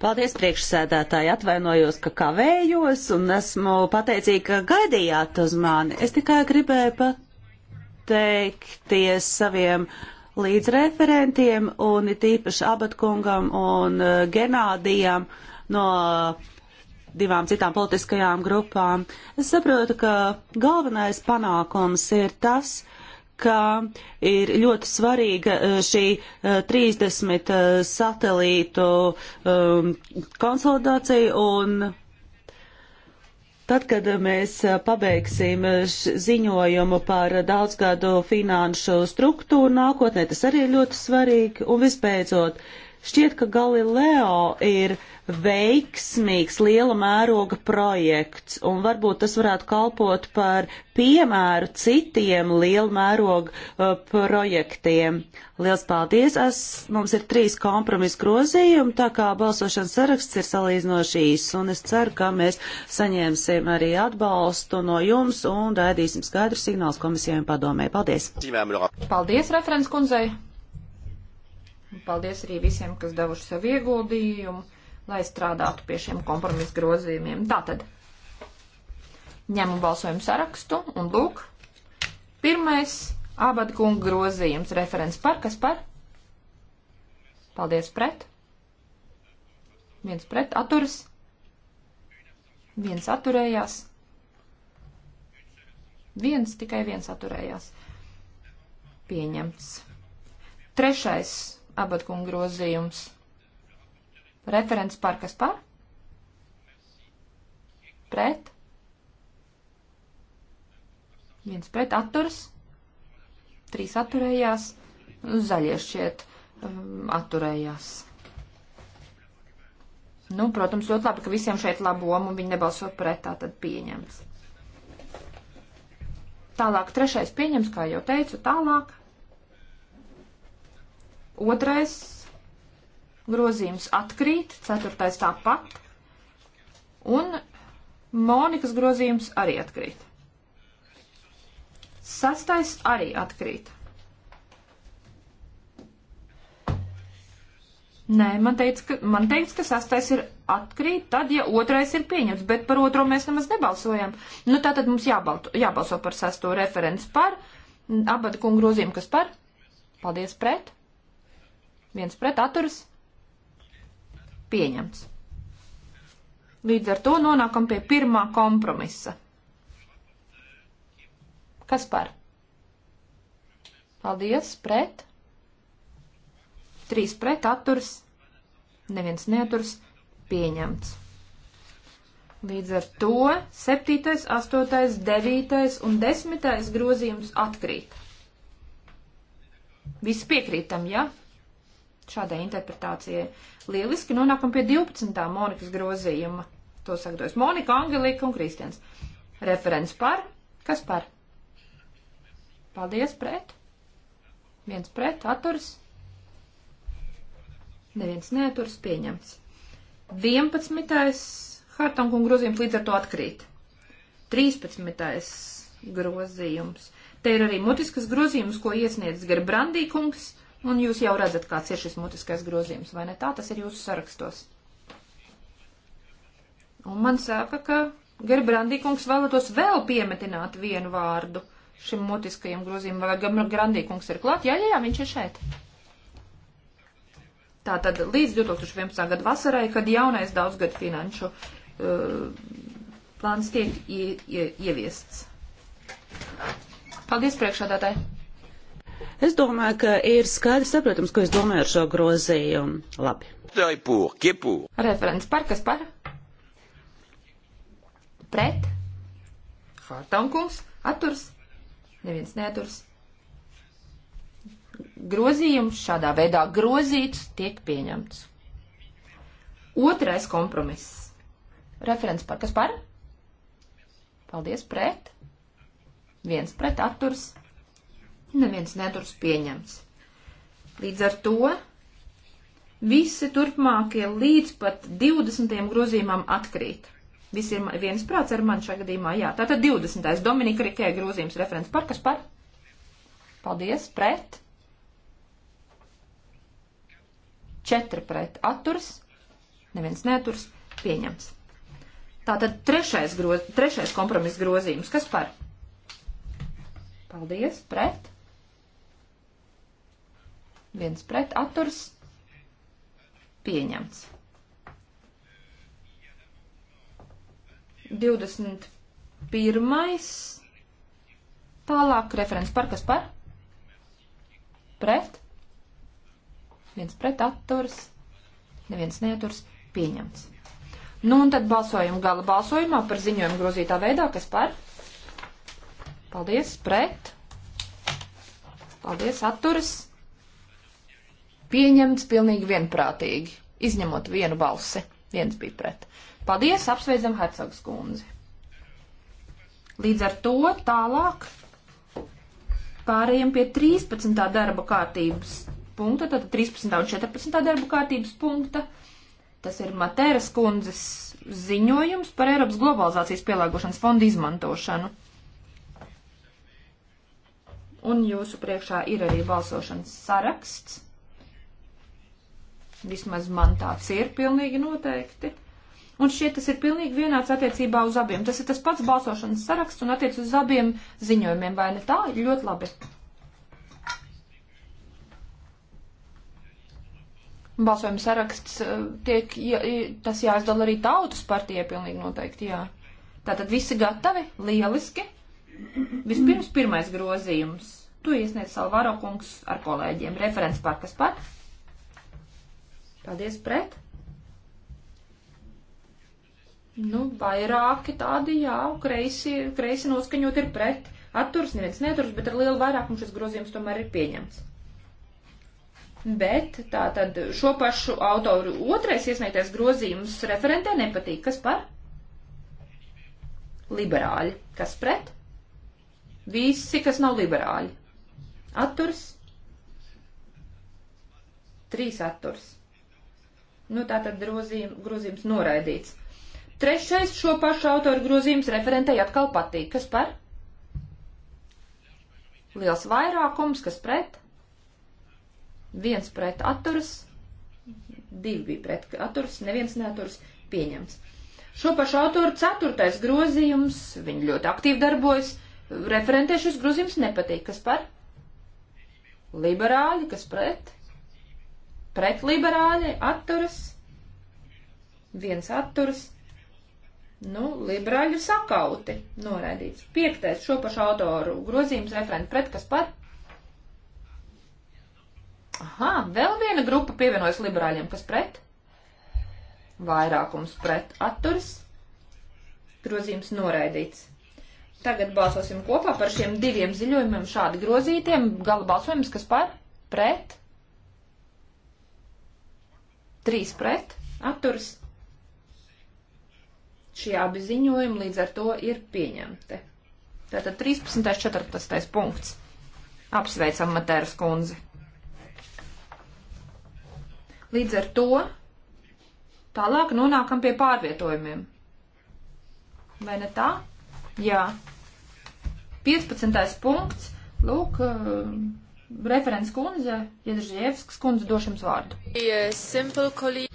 Paldies, priekšsēdētāji, atvainojos, ka kavējos un esmu pateicīga, ka gaidījāt uz mani. Es tikai gribēju pateikties saviem līdz referentiem un it īpaši abatkungam un uh, Genādijam no uh, divām citām politiskajām grupām. Es saprotu, ka galvenais panākums ir tas, ka ir ļoti svarīga e, šī 30 e, e, satelītu konsolidācija un Tad, kad mēs pabeigsim ziņojumu par daudzgadu finanšu struktūru nākotnē, tas arī ir ļoti svarīgi. Un visbeidzot, šķiet, ka Galileo ir uh, veiksmīgs liela mēroga projekts, un varbūt tas varētu kalpot par piemēru citiem liela mēroga uh, projektiem. Liels paldies! Es, mums ir trīs kompromisu grozījumi, tā kā balsošanas saraksts ir salīdzinoši īss, un es ceru, ka mēs saņemsim arī atbalstu no jums un raidīsim skaidru signāls komisijai un padomē. Paldies! Paldies, referents kundzei! Paldies arī visiem, kas devuši savu ieguldījumu lai strādātu pie šiem kompromisu grozījumiem. Tātad ņemu balsojumu sarakstu un lūk, pirmais abadkunga grozījums referents par, kas par? Paldies pret. Viens pret atturas. Viens atturējās. Viens, tikai viens atturējās. Pieņemts. Trešais abadkunga grozījums Referents par kas par? Pret. Viens pret atturas. Trīs atturējās. Zaļie šķiet um, atturējās. Nu, protams, ļoti labi, ka visiem šeit labo lomu viņi nebalso pret, tā tad pieņems. Tālāk trešais pieņems, kā jau teicu, tālāk. Otrais grozījums atkrīt, ceturtais tāpat, un Monikas grozījums arī atkrīt. Sastais arī atkrīt. Nē, man teica, ka, man teica, ka sastais ir atkrīt, tad, ja otrais ir pieņemts, bet par otro mēs nemaz nebalsojam. Nu, tā tad mums jābalto, jābalso par sesto referents par, abada kungu grozījumu, kas par? Paldies pret. Viens pret atturas. Pieņemts. Līdz ar to nonākam pie pirmā kompromisa. Kas par? Paldies, pret. Trīs pret atturs. Neviens neaturs. Pieņemts. Līdz ar to 7., 8., 9. un 10. grozījums atkrīt. Visi piekrītam, jā? Ja? šādai interpretācijai. Lieliski nonākam pie 12. Monikas grozījuma. To sagatavojas Monika, Angelika un Kristians. Referents par? Kas par? Paldies, pret. Viens pret, atturs. Neviens neaturs, pieņemts. 11. Hartung un grozījums līdz ar to atkrīt. 13. grozījums. Te ir arī mutiskas grozījums, ko iesniedz Gerbrandīkungs Un jūs jau redzat, kāds ir šis mutiskais grozījums, vai ne tā? Tas ir jūsu sarakstos. Un man saka, ka Gerbrandī kungs vēlētos vēl piemetināt vienu vārdu šim mutiskajam grozījumam, vai Gerbrandī kungs ir klāt? Jā, jā, jā, viņš ir šeit. Tātad līdz 2011. gada vasarai, kad jaunais daudzgad finanšu uh, plāns tiek ie, ie, ieviests. Paldies priekšādātāji! Es domāju, ka ir skaidrs saprotams, ko es domāju ar šo grozījumu. Labi. Referents par kas par? Pret? Hārtaunkungs? Atturs? Neviens neaturs. Grozījums šādā veidā grozīts tiek pieņemts. Otrais kompromiss. Referents par kas par? Paldies, pret? Viens pret atturs neviens neturs pieņemts. Līdz ar to visi turpmākie līdz pat 20. grozījumam atkrīt. Visi ir viens prāts ar mani šajā gadījumā, jā. Tātad 20. Dominika Rikē grozījums referents par, kas par? Paldies, pret. 4 pret atturs, neviens neturs, pieņemts. Tātad trešais, groz, trešais kompromiss grozījums, kas par? Paldies, pret viens pret atturs pieņemts. 21. Tālāk referents par kas par? Pret. Viens pret atturs. Neviens neaturs. Pieņemts. Nu un tad balsojam gala balsojumā par ziņojumu grozītā veidā, kas par? Paldies. Pret. Paldies. Atturs. Pieņemts pilnīgi vienprātīgi, izņemot vienu balsi. Viens bija pret. Paldies, apsveicam Hercogs kundzi. Līdz ar to tālāk pārējiem pie 13. darba kārtības punkta, tātad 13. un 14. darba kārtības punkta. Tas ir Matēras kundzes ziņojums par Eiropas globalizācijas pielāgošanas fondu izmantošanu. Un jūsu priekšā ir arī balsošanas saraksts. Vismaz man tāds ir pilnīgi noteikti. Un šie tas ir pilnīgi vienāds attiecībā uz abiem. Tas ir tas pats balsošanas saraksts un attiec uz abiem ziņojumiem, vai ne tā? Ļoti labi. Balsojuma saraksts eh, tiek, ja, tas jāizdala arī tautas partijai pilnīgi noteikti, jā. Tātad visi gatavi, lieliski. Vispirms pirmais grozījums. Tu iesniedz Salvaro kungs ar kolēģiem. Referents par kas pat? Paldies pret. Nu, vairāki tādi, jā, kreisi, kreisi noskaņot ir pret. Atturs neviens neturs, bet ar lielu vairākumu šis grozījums tomēr ir pieņemts. Bet tā tad šo pašu autoru otrais iesniegtais grozījums referentē nepatīk. Kas par? Liberāļi. Kas pret? Visi, kas nav liberāļi. Atturs. Trīs atturs. Nu, tātad grozījums, grozījums noraidīts. Trešais šo pašu autoru grozījums referentei atkal patīk. Kas par? Liels vairākums, kas pret? Viens pret atturas, divi bija pret atturas, neviens neaturas pieņemts. Šo pašu autoru ceturtais grozījums, viņi ļoti aktīvi darbojas, referentē šis grozījums nepatīk. Kas par? Liberāļi, kas pret? pretliberāļi atturas, viens atturas, nu, liberāļu sakauti noraidīts. Piektais šo pašu autoru grozījums referenta pret, kas par? Aha, vēl viena grupa pievienojas liberāļiem, kas pret? Vairākums pret atturas, grozījums noraidīts. Tagad balsosim kopā par šiem diviem ziļojumiem šādi grozītiem. Gala balsojums, kas par? Pret? 3 pret, atturas. Šie abi ziņojumi līdz ar to ir pieņemti. Tātad 13. 14. punkts. Apsveicam Matēras kundzi. Līdz ar to tālāk nonākam pie pārvietojumiem. Vai ne tā? Jā. 15. punkts. Lūk, referents kundze, Jedržievskas kundze, došu jums vārdu.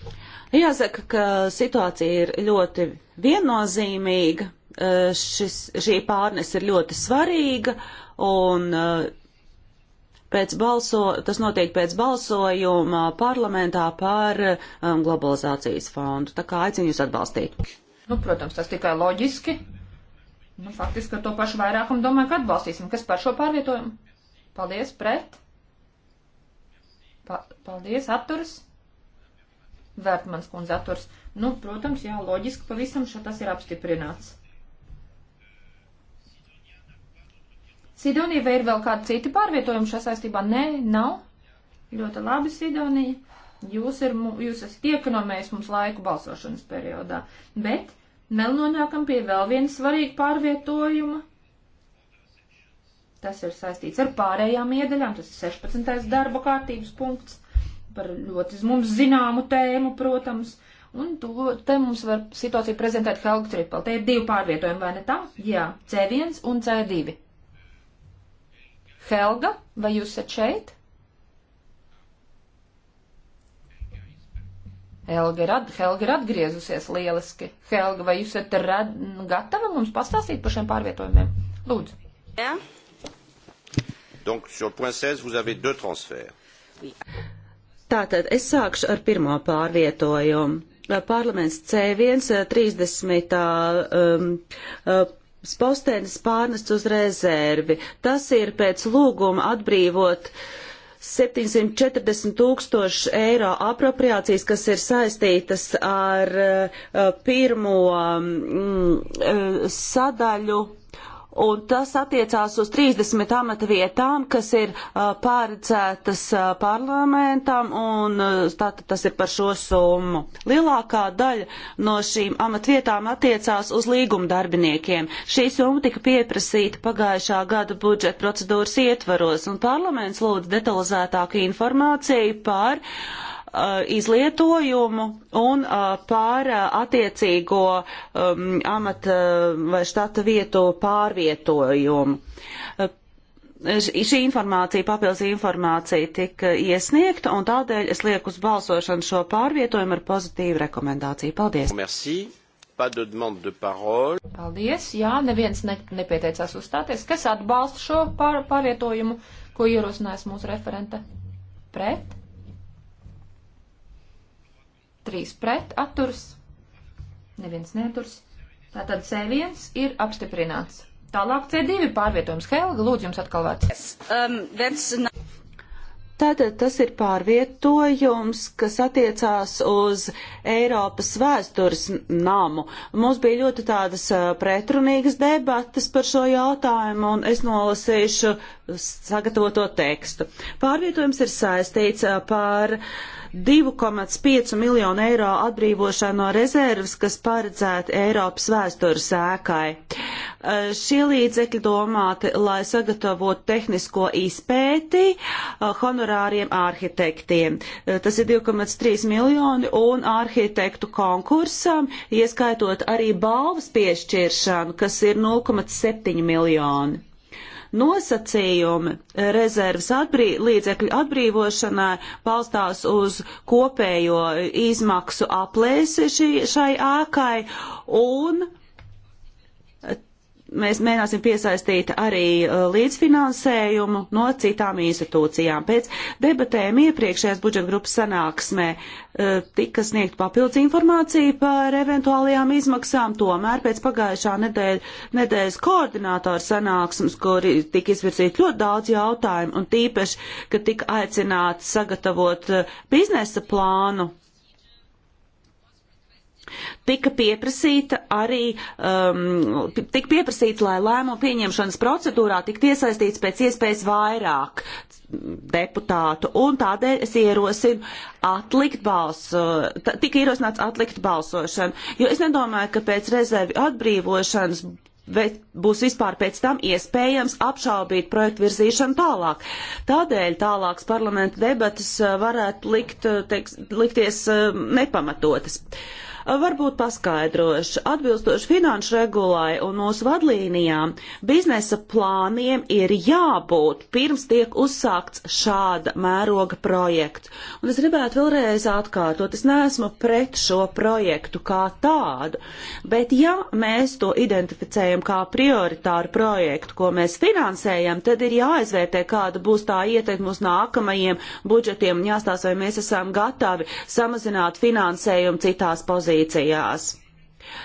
Jāsaka, ka situācija ir ļoti viennozīmīga, eh, Šis, šī pārnes ir ļoti svarīga un eh, pēc balso, tas notiek pēc balsojuma parlamentā par eh, globalizācijas fondu. Tā kā aicinu jūs atbalstīt. Nu, protams, tas tikai loģiski. Nu, faktiski ar to pašu vairākumu domāju, ka atbalstīsim. Kas par šo pārvietojumu? Paldies pret. Pa, paldies atturs. Vērtmans kundze atturs. Nu, protams, jā, loģiski pavisam šā tas ir apstiprināts. Sidonija vai ir vēl kādi citi pārvietojumi šā saistībā? Nē, nav. Ļoti labi, Sidonija. Jūs, ir, jūs esat iekonomējis mums laiku balsošanas periodā. Bet vēl nonākam pie vēl viena svarīga pārvietojuma Tas ir saistīts ar pārējām iedaļām, tas ir 16. darba kārtības punkts par ļoti mums zināmu tēmu, protams. Un to te mums var situāciju prezentēt Helga Tripel. Te ir divi pārvietojumi, vai ne tā? Jā, C1 un C2. Helga, vai jūs esat šeit? Helga ir, at, Helga ir atgriezusies lieliski. Helga, vai jūs esat red, gatava mums pastāstīt par šiem pārvietojumiem? Lūdzu. Jā. Ja. Donc sur le point 16, vous avez deux transferts. Tātad es sākšu ar pirmo pārvietojumu. Parlaments C1 30. Um, uh, Spostēnis pārnests uz rezervi. Tas ir pēc lūguma atbrīvot 740 tūkstoši eiro apropriācijas, kas ir saistītas ar uh, pirmo um, sadaļu un tas attiecās uz 30 amata vietām, kas ir uh, pārredzētas uh, parlamentam, un uh, tātad tas ir par šo summu. Lielākā daļa no šīm amata vietām attiecās uz līguma darbiniekiem. Šī summa tika pieprasīta pagājušā gada budžeta procedūras ietvaros, un parlaments lūdz detalizētāku informāciju par uh, Uh, izlietojumu un uh, pār uh, attiecīgo um, amata vai štata vietu pārvietojumu. Šī informācija, papildus informācija tika iesniegta, un tādēļ es lieku uz balsošanu šo pārvietojumu ar pozitīvu rekomendāciju. Paldies! Merci. Paldies, jā, neviens ne, nepieteicās uzstāties. Kas atbalsta šo pār, pārvietojumu, ko ierosinājis mūsu referente? Pret? 3 pret atturs, neviens neaturs. Tātad C1 ir apstiprināts. Tālāk C2 pārvietojums. Helga, lūdzu, jums atkal vārds. Yes, um, Tātad tas ir pārvietojums, kas attiecās uz Eiropas vēstures namu. Mums bija ļoti tādas pretrunīgas debatas par šo jautājumu, un es nolasīšu sagatavoto tekstu. Pārvietojums ir saistīts par 2,5 miljonu eiro atbrīvošanu no rezervas, kas paredzēta Eiropas vēstures ēkai. Eh, šie līdzekļi domāti, lai sagatavotu tehnisko izpēti eh, honorāriem arhitektiem. Eh, tas ir 2,3 miljoni un arhitektu konkursam, ieskaitot arī balvas piešķiršanu, kas ir 0,7 miljoni nosacījumi rezerves atbrī, līdzekļu atbrīvošanai balstās uz kopējo izmaksu aplēsi šī, šai ēkai un mēs mēģināsim piesaistīt arī uh, līdzfinansējumu no citām institūcijām. Pēc debatēm iepriekšējās budžeta grupas sanāksmē uh, tika sniegt papildus informācija par eventuālajām izmaksām, tomēr pēc pagājušā nedēļ, nedēļas koordinātora sanāksmes, kur tika izvirzīt ļoti daudz jautājumu un tīpaši, ka tika aicināts sagatavot uh, biznesa plānu Tika pieprasīta arī, um, tika pieprasīts, lai lēmumu pieņemšanas procedūrā tiktu iesaistīts pēc iespējas vairāk deputātu, un tādēļ es ierosinu atlikt balso, uh, tika ierosināts atlikt balsošanu, jo es nedomāju, ka pēc rezervi atbrīvošanas būs vispār pēc tam iespējams apšaubīt projektu virzīšanu tālāk. Tādēļ tālāks parlamenta debatas uh, varētu likt, uh, teiks, likties nepamatotas. Uh, varbūt paskaidrošu. Atbilstoši finanšu regulai un mūsu vadlīnijām biznesa plāniem ir jābūt pirms tiek uzsākts šāda mēroga projekts. Un es gribētu vēlreiz atkārtot, es neesmu pret šo projektu kā tādu, bet ja mēs to identificējam kā prioritāru projektu, ko mēs finansējam, tad ir jāizvērtē, kāda būs tā ietekme uz nākamajiem budžetiem un jāstāsta, vai mēs esam gatavi samazināt finansējumu citās pozīcijās pozīcijās.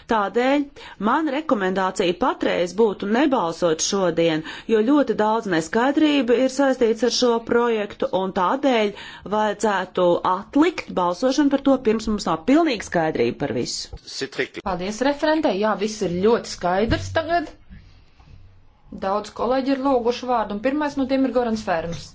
Tādēļ man rekomendācija patreiz būtu nebalsot šodien, jo ļoti daudz neskaidrība ir saistīts ar šo projektu, un tādēļ vajadzētu atlikt balsošanu par to, pirms mums nav pilnīga skaidrība par visu. Paldies, referentē, jā, viss ir ļoti skaidrs tagad. Daudz kolēģi ir lūguši vārdu, un pirmais no tiem ir Gorans Ferms.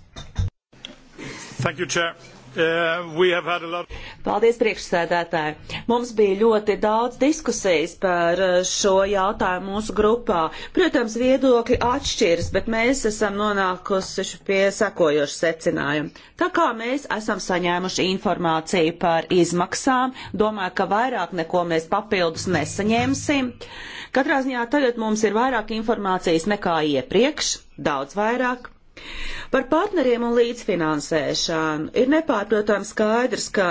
Thank you, Chair. Uh, Paldies, priekšsēdētāji. Mums bija ļoti daudz diskusijas par uh, šo jautājumu mūsu grupā. Protams, viedokļi atšķiras, bet mēs esam nonākusi pie sekojošu secinājumu. Tā kā mēs esam saņēmuši informāciju par izmaksām, domāju, ka vairāk neko mēs papildus nesaņēmsim. Katrā ziņā tagad mums ir vairāk informācijas nekā iepriekš, daudz vairāk. Par partneriem un līdzfinansēšanu ir nepārprotami skaidrs, ka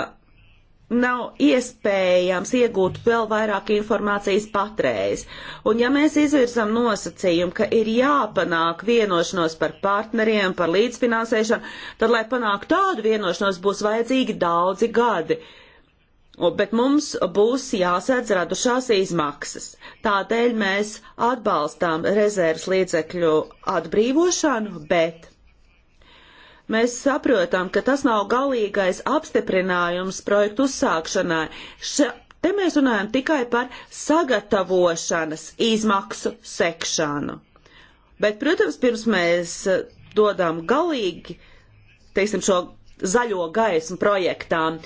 nav iespējams iegūt vēl vairāk informācijas patreiz. Un ja mēs izvirzam nosacījumu, ka ir jāpanāk vienošanos par partneriem, par līdzfinansēšanu, tad, lai panāktu tādu vienošanos, būs vajadzīgi daudzi gadi bet mums būs jāsēdz radušās izmaksas. Tādēļ mēs atbalstām rezerves līdzekļu atbrīvošanu, bet mēs saprotam, ka tas nav galīgais apstiprinājums projektu uzsākšanai. Še Te mēs runājam tikai par sagatavošanas izmaksu sekšanu. Bet, protams, pirms mēs dodām galīgi, teiksim, šo zaļo gaismu projektām.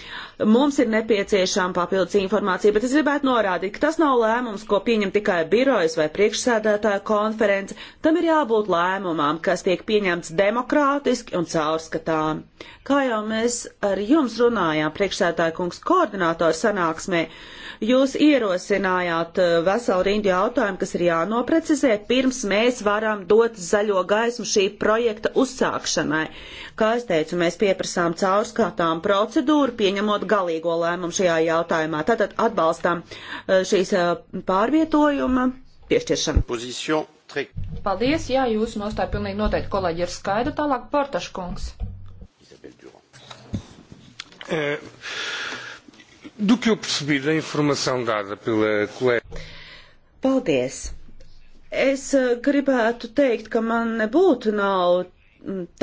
Mums ir nepieciešama papildus informācija, bet es gribētu norādīt, ka tas nav lēmums, ko pieņem tikai birojas vai priekšsēdētāja konference. Tam ir jābūt lēmumam, kas tiek pieņemts demokrātiski un caurskatām. Kā jau mēs ar jums runājām priekšsēdētāja kungs koordinātoru sanāksmē, jūs ierosinājāt eh, veselu rindu jautājumu, kas ir jānoprecizē, pirms mēs varam dot zaļo gaismu šī projekta uzsākšanai. Kā es teicu, mēs pieprasām ieviesām caurskatām procedūru, pieņemot galīgo lēmumu šajā jautājumā. Tātad atbalstam eh, šīs eh, pārvietojuma piešķiršanu. Position. Paldies, jā, jūsu nostāja pilnīgi noteikti kolēģi ir skaidra. Tālāk Portaškungs. Uh, eh, do que eu percebi da informação dada pela colega. Paldies! Es gribētu teikt, ka man nebūtu nav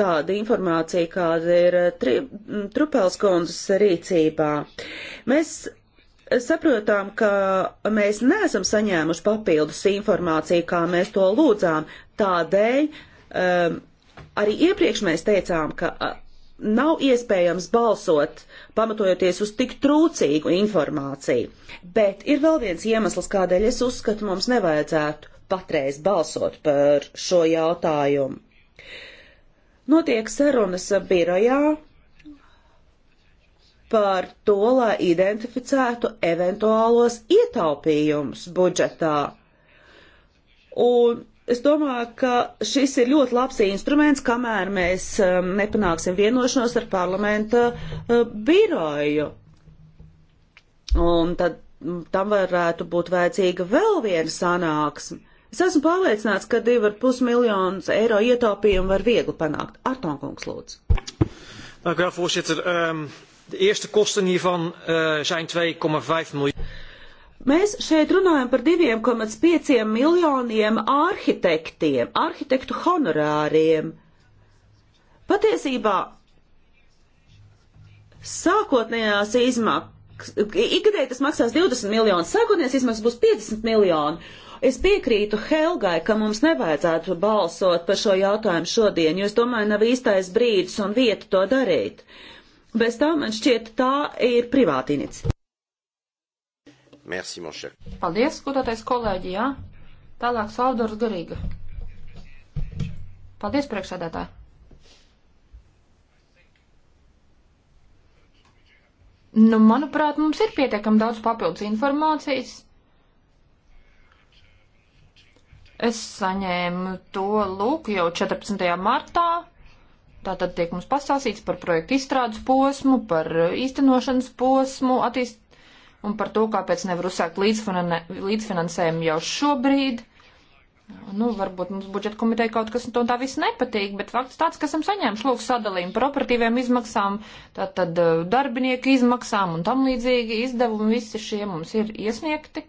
tāda informācija, kāda ir eh, tri, Trupels kundzes rīcībā. Mēs saprotām, ka mēs neesam saņēmuši papildus informāciju, kā mēs to lūdzām. Tādēļ um, arī iepriekš mēs teicām, ka uh, nav iespējams balsot, pamatojoties uz tik trūcīgu informāciju. Bet ir vēl viens iemesls, kādēļ es uzskatu, mums nevajadzētu patreiz balsot par šo jautājumu. Notiek sarunas birojā par to, lai identificētu eventuālos ietaupījumus budžetā. Un es domāju, ka šis ir ļoti labs instruments, kamēr mēs um, nepanāksim vienošanos ar parlamenta uh, biroju. Un tad mm, tam varētu būt vajadzīga vēl viena sanāksme. Es esmu pārliecināts, ka 2,5 miljonus eiro ietaupījumu var viegli panākt. Arton kungs, lūdzu. Dank u wel, voorzitter. Um, de eerste kosten hiervan uh, zijn 2,5 miljoen. Mēs šeit runājam par 2,5 miljoniem arhitektiem, arhitektu honorāriem. Patiesībā sākotnējās izmaksas, ikgadēji tas maksās 20 miljonus, sākotnējās izmaksas būs 50 miljoni. Es piekrītu Helgai, ka mums nevajadzētu balsot par šo jautājumu šodien, jo es domāju, nav īstais brīdis un vieta to darīt. Bez tā man šķiet, tā ir privāta iniciatīva. Merci, mon cher. Paldies, skatoties kolēģi, jā. Tālāk Saldors Garīga. Paldies, priekšsēdētāji. Nu, manuprāt, mums ir pietiekami daudz papildus informācijas Es saņēmu to lūk jau 14. martā. Tātad tiek mums pastāstīts par projektu izstrādes posmu, par īstenošanas posmu attīst un par to, kāpēc nevar uzsākt līdzfinansējumu jau šobrīd. Nu, varbūt mums budžeta komiteja kaut kas no tā viss nepatīk, bet fakts tāds, ka esam saņēmuši lūk sadalījumu par operatīviem izmaksām, tātad eh, darbinieku izmaksām un tam līdzīgi izdevumi visi šie mums ir iesniegti.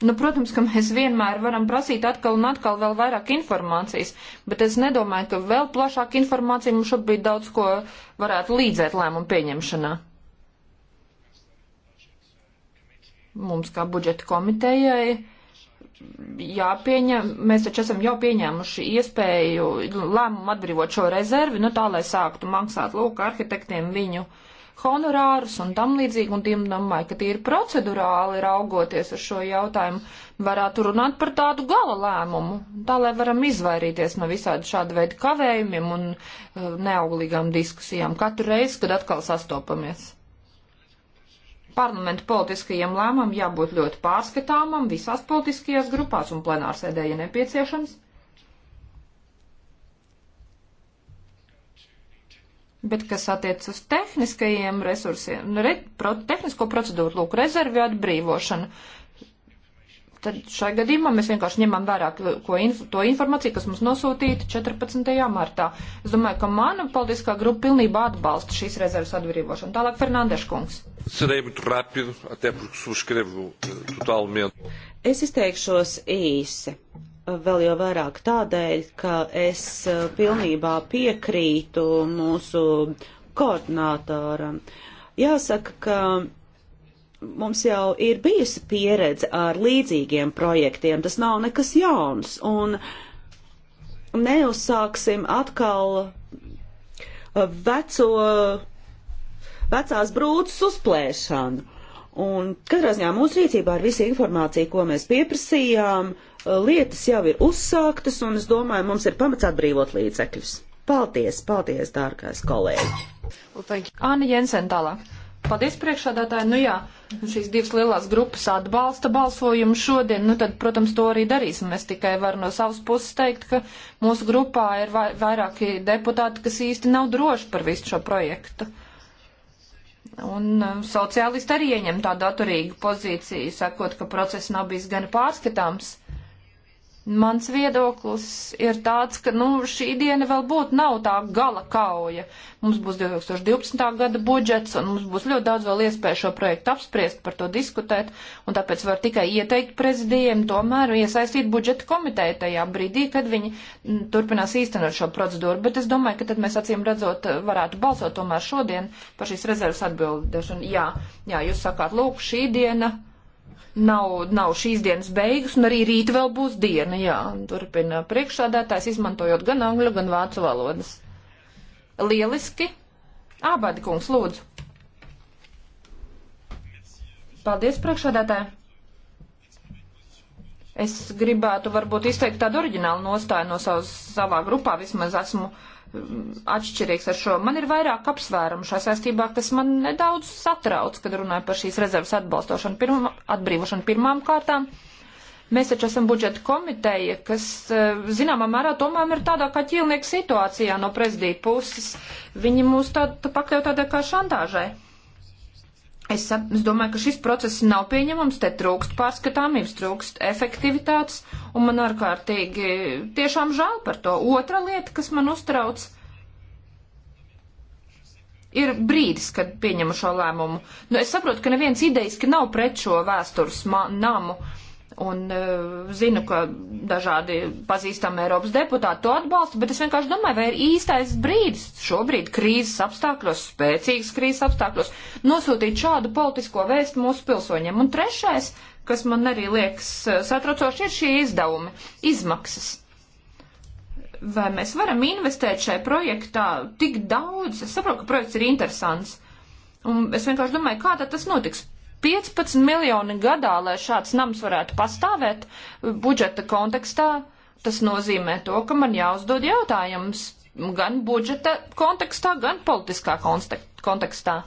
Nu, protams, ka mēs vienmēr varam prasīt atkal un atkal vēl vairāk informācijas, bet es nedomāju, ka vēl plašāka informācija mums šobrīd daudz ko varētu līdzēt lēmumu pieņemšanā. Mums kā budžeta komitejai jāpieņem, mēs taču esam jau pieņēmuši iespēju lēmumu atbrīvot šo rezervi, nu tā, lai sāktu maksāt lūk arhitektiem viņu uh, honorārus un tam līdzīgi, un tiem domāju, ka tie ir procedurāli raugoties uz šo jautājumu, varētu runāt par tādu gala lēmumu, tā lai varam izvairīties no visādi šāda veida kavējumiem un uh, neauglīgām diskusijām katru reizi, kad atkal sastopamies. Parlamentu politiskajiem lēmumam jābūt ļoti pārskatāmam visās politiskajās grupās un plenārsēdē, ja nepieciešams. Bet kas attiec uz tehniskajiem resursiem, nu, re, pro, tehnisko procedūru, lūk, rezervi atbrīvošana, tad šajā gadījumā mēs vienkārši ņemam vērā ko, inf to informāciju, kas mums nosūtīta 14. martā. Es domāju, ka mana politiskā grupa pilnībā atbalsta šīs rezervas atbrīvošanu. Tālāk Fernandeša kungs. Eh, es izteikšos īsi vēl jau vairāk tādēļ, ka es eh, pilnībā piekrītu mūsu koordinātāram. Jāsaka, ka mums jau ir bijusi pieredze ar līdzīgiem projektiem, tas nav nekas jauns, un neuzsāksim atkal eh, veco, vecās brūces uzplēšanu. Un katrā ziņā mūsu rīcībā ir visa informācija, ko mēs pieprasījām, uh, Eh, lietas jau ir uzsāktas, un es domāju, mums ir pamats atbrīvot līdzekļus. Paldies, paldies, dārgais kolēģi! Well, Anna Jensen tālāk. Paldies priekšādātāji. Nu jā, šīs divas lielās grupas atbalsta balsojumu šodien, nu tad, protams, to arī darīsim. Es tikai varu no savas puses teikt, ka mūsu grupā ir vairāki deputāti, kas īsti nav droši par visu šo projektu. Un eh, sociālisti arī ieņem tādu atturīgu pozīciju, sakot, ka process nav bijis gan pārskatāms. Mans viedoklis ir tāds, ka nu, šī diena vēl būtu nav tā gala kauja. Mums būs 2012. gada budžets, un mums būs ļoti daudz vēl iespēju šo projektu apspriest, par to diskutēt, un tāpēc var tikai ieteikt prezidijiem tomēr iesaistīt budžeta komiteju tajā brīdī, kad viņi mm, turpinās īstenot šo procedūru. Bet es domāju, ka tad mēs acīm redzot varētu balsot tomēr šodien par šīs rezervas atbildēšanu. Jā, jā, jūs sakāt, lūk, šī diena nav, nav šīs dienas beigas, un arī rīt vēl būs diena, jā, turpina priekšsādātājs, izmantojot gan angļu, gan vācu valodas. Lieliski. Ābādi kungs, lūdzu. Paldies, priekšsādātāji. Es gribētu varbūt izteikt tādu oriģinālu nostāju no savas, savā grupā, vismaz esmu uh, atšķirīgs ar šo. Man ir vairāk apsvērumu šā saistībā, kas man nedaudz satrauc, kad runāju par šīs rezervas atbalstošanu, pirma, atbrīvošanu pirmām kārtām. Mēs taču esam budžeta komiteja, kas, eh, zināmā mērā, tomēr ir tādā kā ķīlnieka situācijā no prezidija puses. Viņi mūs tā, tā pakļaut tādā kā šantāžai. Es, es domāju, ka šis process nav pieņemams, te trūkst pārskatāmības, trūkst efektivitātes, un man ārkārtīgi tiešām žēl par to. Otra lieta, kas man uztrauc, ir brīdis, kad pieņemu šo lēmumu. Nu, es saprotu, ka neviens idejas, ka nav pret šo vēstures namu. Uh, un uh, zinu, ka dažādi pazīstami Eiropas deputāti to atbalsta, bet es vienkārši domāju, vai ir īstais brīdis šobrīd krīzes apstākļos, spēcīgas krīzes apstākļos, nosūtīt šādu politisko vēstu mūsu pilsoņiem. Un trešais, kas man arī liekas eh, satraucoši, ir šie izdevumi, izmaksas vai mēs varam investēt šajā projektā tik daudz. Es saprotu, ka projekts ir interesants. Un es vienkārši domāju, kā tad tas notiks 15 miljoni gadā, lai šāds nams varētu pastāvēt uh, budžeta kontekstā, tas nozīmē to, ka man jāuzdod jautājums gan budžeta kontekstā, gan politiskā kontekstā.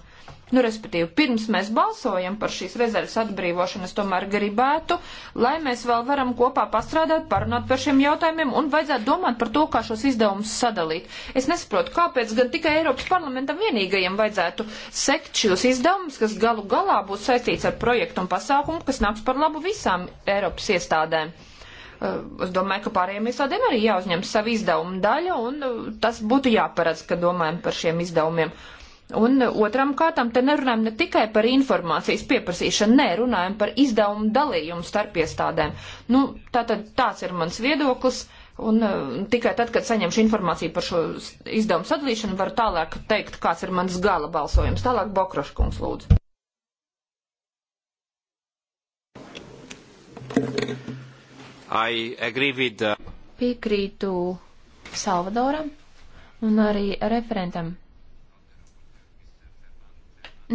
Nu, respektīvi, pirms mēs balsojam par šīs rezerves atbrīvošanu, es tomēr gribētu, lai mēs vēl varam kopā pastrādāt, parunāt par šiem jautājumiem un vajadzētu domāt par to, kā šos izdevumus sadalīt. Es nesaprotu, kāpēc gan tikai Eiropas parlamentam vienīgajiem vajadzētu sekt šos izdevumus, kas galu galā būs saistīts ar projektu un pasākumu, kas nāks par labu visām Eiropas iestādēm uh, es domāju, ka pārējiem iestādēm arī jāuzņem savu izdevumu daļu, un uh, tas būtu jāparedz, ka domājam par šiem izdevumiem. Un otram kārtam te nerunājam ne tikai par informācijas pieprasīšanu, nē, runājam par izdevumu dalījumu starp iestādēm. Nu, tātad tāds ir mans viedoklis. Un uh, tikai tad, kad saņemšu informāciju par šo izdevumu sadalīšanu, varu tālāk teikt, kāds ir mans gala balsojums. Tālāk Bokraškungs lūdzu. I agree with the... Piekrītu Salvadoram un arī referentam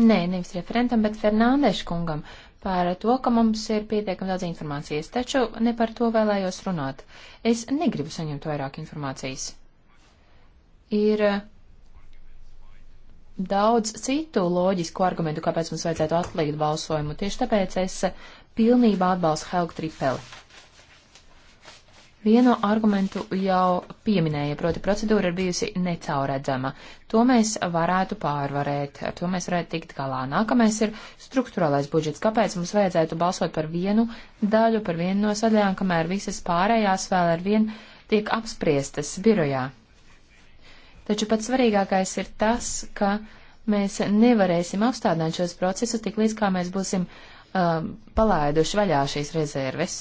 Nē, nevis referentam, bet Fernandeša kungam par to, ka mums ir pietiekami daudz informācijas, taču ne par to vēlējos runāt. Es negribu saņemt vairāk informācijas. Ir daudz citu loģisku argumentu, kāpēc mums vajadzētu atlikt balsojumu. Tieši tāpēc es pilnībā atbalstu Helgu Tripeli. Vienu argumentu jau pieminēja, proti procedūra ir bijusi necauredzama. To mēs varētu pārvarēt, ar to mēs varētu tikt galā. Nākamais ir struktūrālais budžets. Kāpēc mums vajadzētu balsot par vienu daļu, par vienu no sadaļām, kamēr visas pārējās vēl ar vienu tiek apspriestas birojā? Taču pats svarīgākais ir tas, ka mēs nevarēsim apstādināt šos procesus tik līdz kā mēs būsim um, palaiduši vaļā šīs rezerves.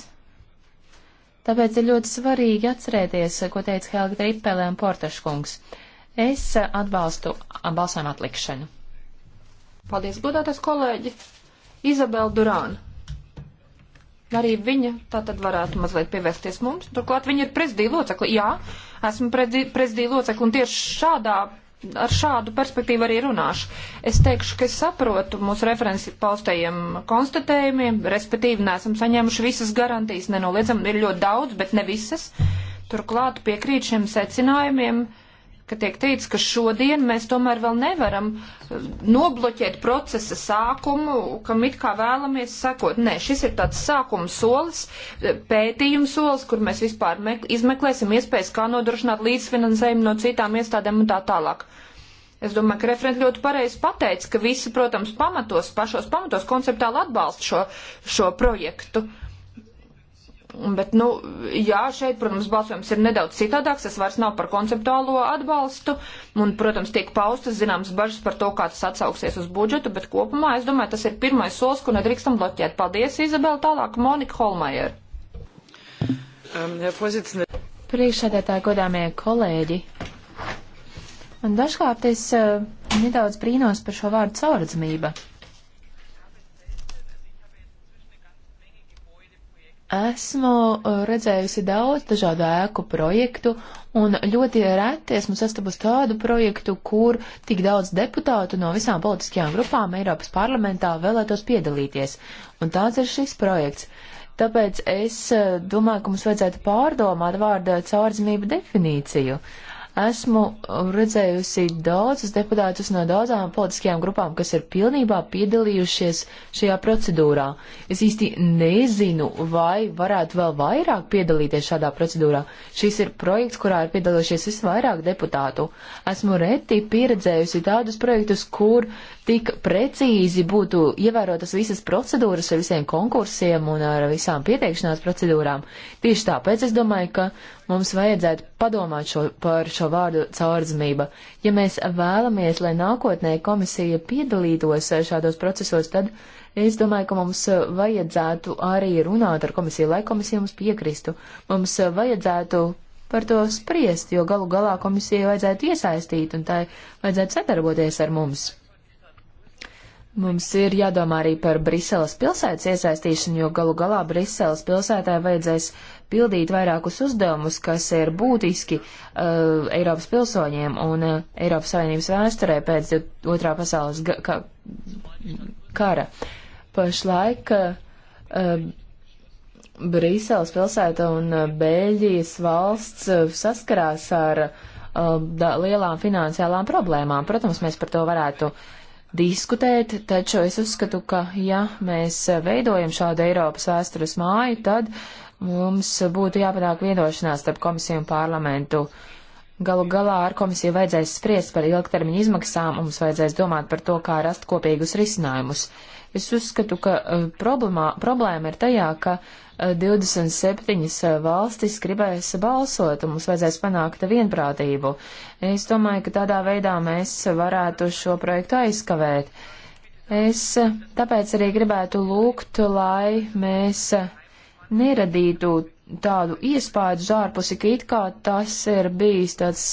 Tāpēc ir ļoti svarīgi atcerēties, ko teica Helga Tripelē un Portaškungs. Es atbalstu balsojumu atlikšanu. Paldies, godātais kolēģi! Izabela Durāna. Arī viņa tā tad varētu mazliet pievērsties mums. Turklāt viņa ir prezidija locekli. Jā, esmu prezidija locekli un tieši šādā ar šādu perspektīvu arī runāšu. Es teikšu, ka es saprotu mūsu referenci paustajiem konstatējumiem, respektīvi nesam saņēmuši visas garantijas, nenoliedzam, ir ļoti daudz, bet ne visas. Turklāt piekrīt šiem secinājumiem. Uh, ka tiek teicis, ka šodien mēs tomēr vēl nevaram eh, nobloķēt procesa sākumu, kam it kā vēlamies sekot. Nē, šis ir tāds sākuma solis, eh, pētījums solis, kur mēs vispār izmeklēsim iespējas, kā nodrošināt līdzfinansējumu no citām iestādēm un tā tālāk. Es domāju, ka referenti ļoti pareizi pateica, ka visi, protams, pamatos, pašos pamatos konceptuāli atbalsta šo, šo projektu. Uh, Bet, nu, jā, šeit, protams, balsojums ir nedaudz citādāks, tas vairs nav par konceptuālo atbalstu, un, protams, tiek paustas zināmas bažas par to, kā tas atsauksies uz budžetu, bet kopumā, es domāju, tas ir pirmais solis, ko nedrīkstam bloķēt. Paldies, Izabela, tālāk Monika Holmajer. Um, Priekšsēdētāji, godāmie kolēģi, un dažkārt es uh, nedaudz brīnos par šo vārdu caurdzamību. Esmu uh, redzējusi daudz dažādu ēku projektu, un ļoti reti esmu sastapusi tādu projektu, kur tik daudz deputātu no visām politiskajām grupām Eiropas parlamentā vēlētos piedalīties. Un tāds ir šis projekts. Tāpēc es uh, domāju, ka mums vajadzētu pārdomāt vārda caurzemība definīciju. Uh, Esmu redzējusi daudzus deputātus no daudzām politiskajām grupām, kas ir pilnībā piedalījušies šajā procedūrā. Es īsti nezinu, vai varētu vēl vairāk piedalīties šādā procedūrā. Šis ir projekts, kurā ir piedalījušies visvairāk deputātu. Esmu reti pieredzējusi tādus projektus, kur tik precīzi būtu ievērotas visas procedūras ar visiem konkursiem un ar visām pieteikšanās procedūrām. Tieši tāpēc es domāju, ka mums vajadzētu padomāt šo, par šo vārdu caurdzmība. Ja mēs vēlamies, lai nākotnē komisija piedalītos šādos procesos, tad es domāju, ka mums vajadzētu arī runāt ar komisiju, lai komisija mums piekristu. Mums vajadzētu par to spriest, jo galu galā komisijai vajadzētu iesaistīt un tai vajadzētu sadarboties ar mums. Mums ir jādomā arī par Briseles pilsētas iesaistīšanu, jo galu galā Briseles pilsētā vajadzēs pildīt vairākus uzdevumus, kas ir būtiski uh, Eiropas pilsoņiem un uh, Eiropas Savienības vēsturē pēc otrā pasaules ka kara. Pašlaik uh, uh Briseles pilsēta un uh, Bēļģijas valsts uh, saskarās ar uh, lielām finansiālām problēmām. Protams, mēs par to varētu uh, diskutēt, taču es uzskatu, ka ja mēs veidojam šādu Eiropas vēstures māju, tad mums būtu jāpanāk vienošanās starp komisiju un parlamentu. Galu galā ar komisiju vajadzēs spriest par ilgtermiņa izmaksām, mums vajadzēs domāt par to, kā rast kopīgus risinājumus. Uh, Es uzskatu, ka eh, problemā, problēma ir tajā, ka 27 eh, eh, valstis gribēs balsot un mums vajadzēs panākt vienprātību. Es domāju, ka tādā veidā mēs varētu šo projektu aizkavēt. Es tāpēc arī gribētu lūgt, lai mēs neradītu tādu iespēju uz ārpusi, ka it kā tas ir bijis tāds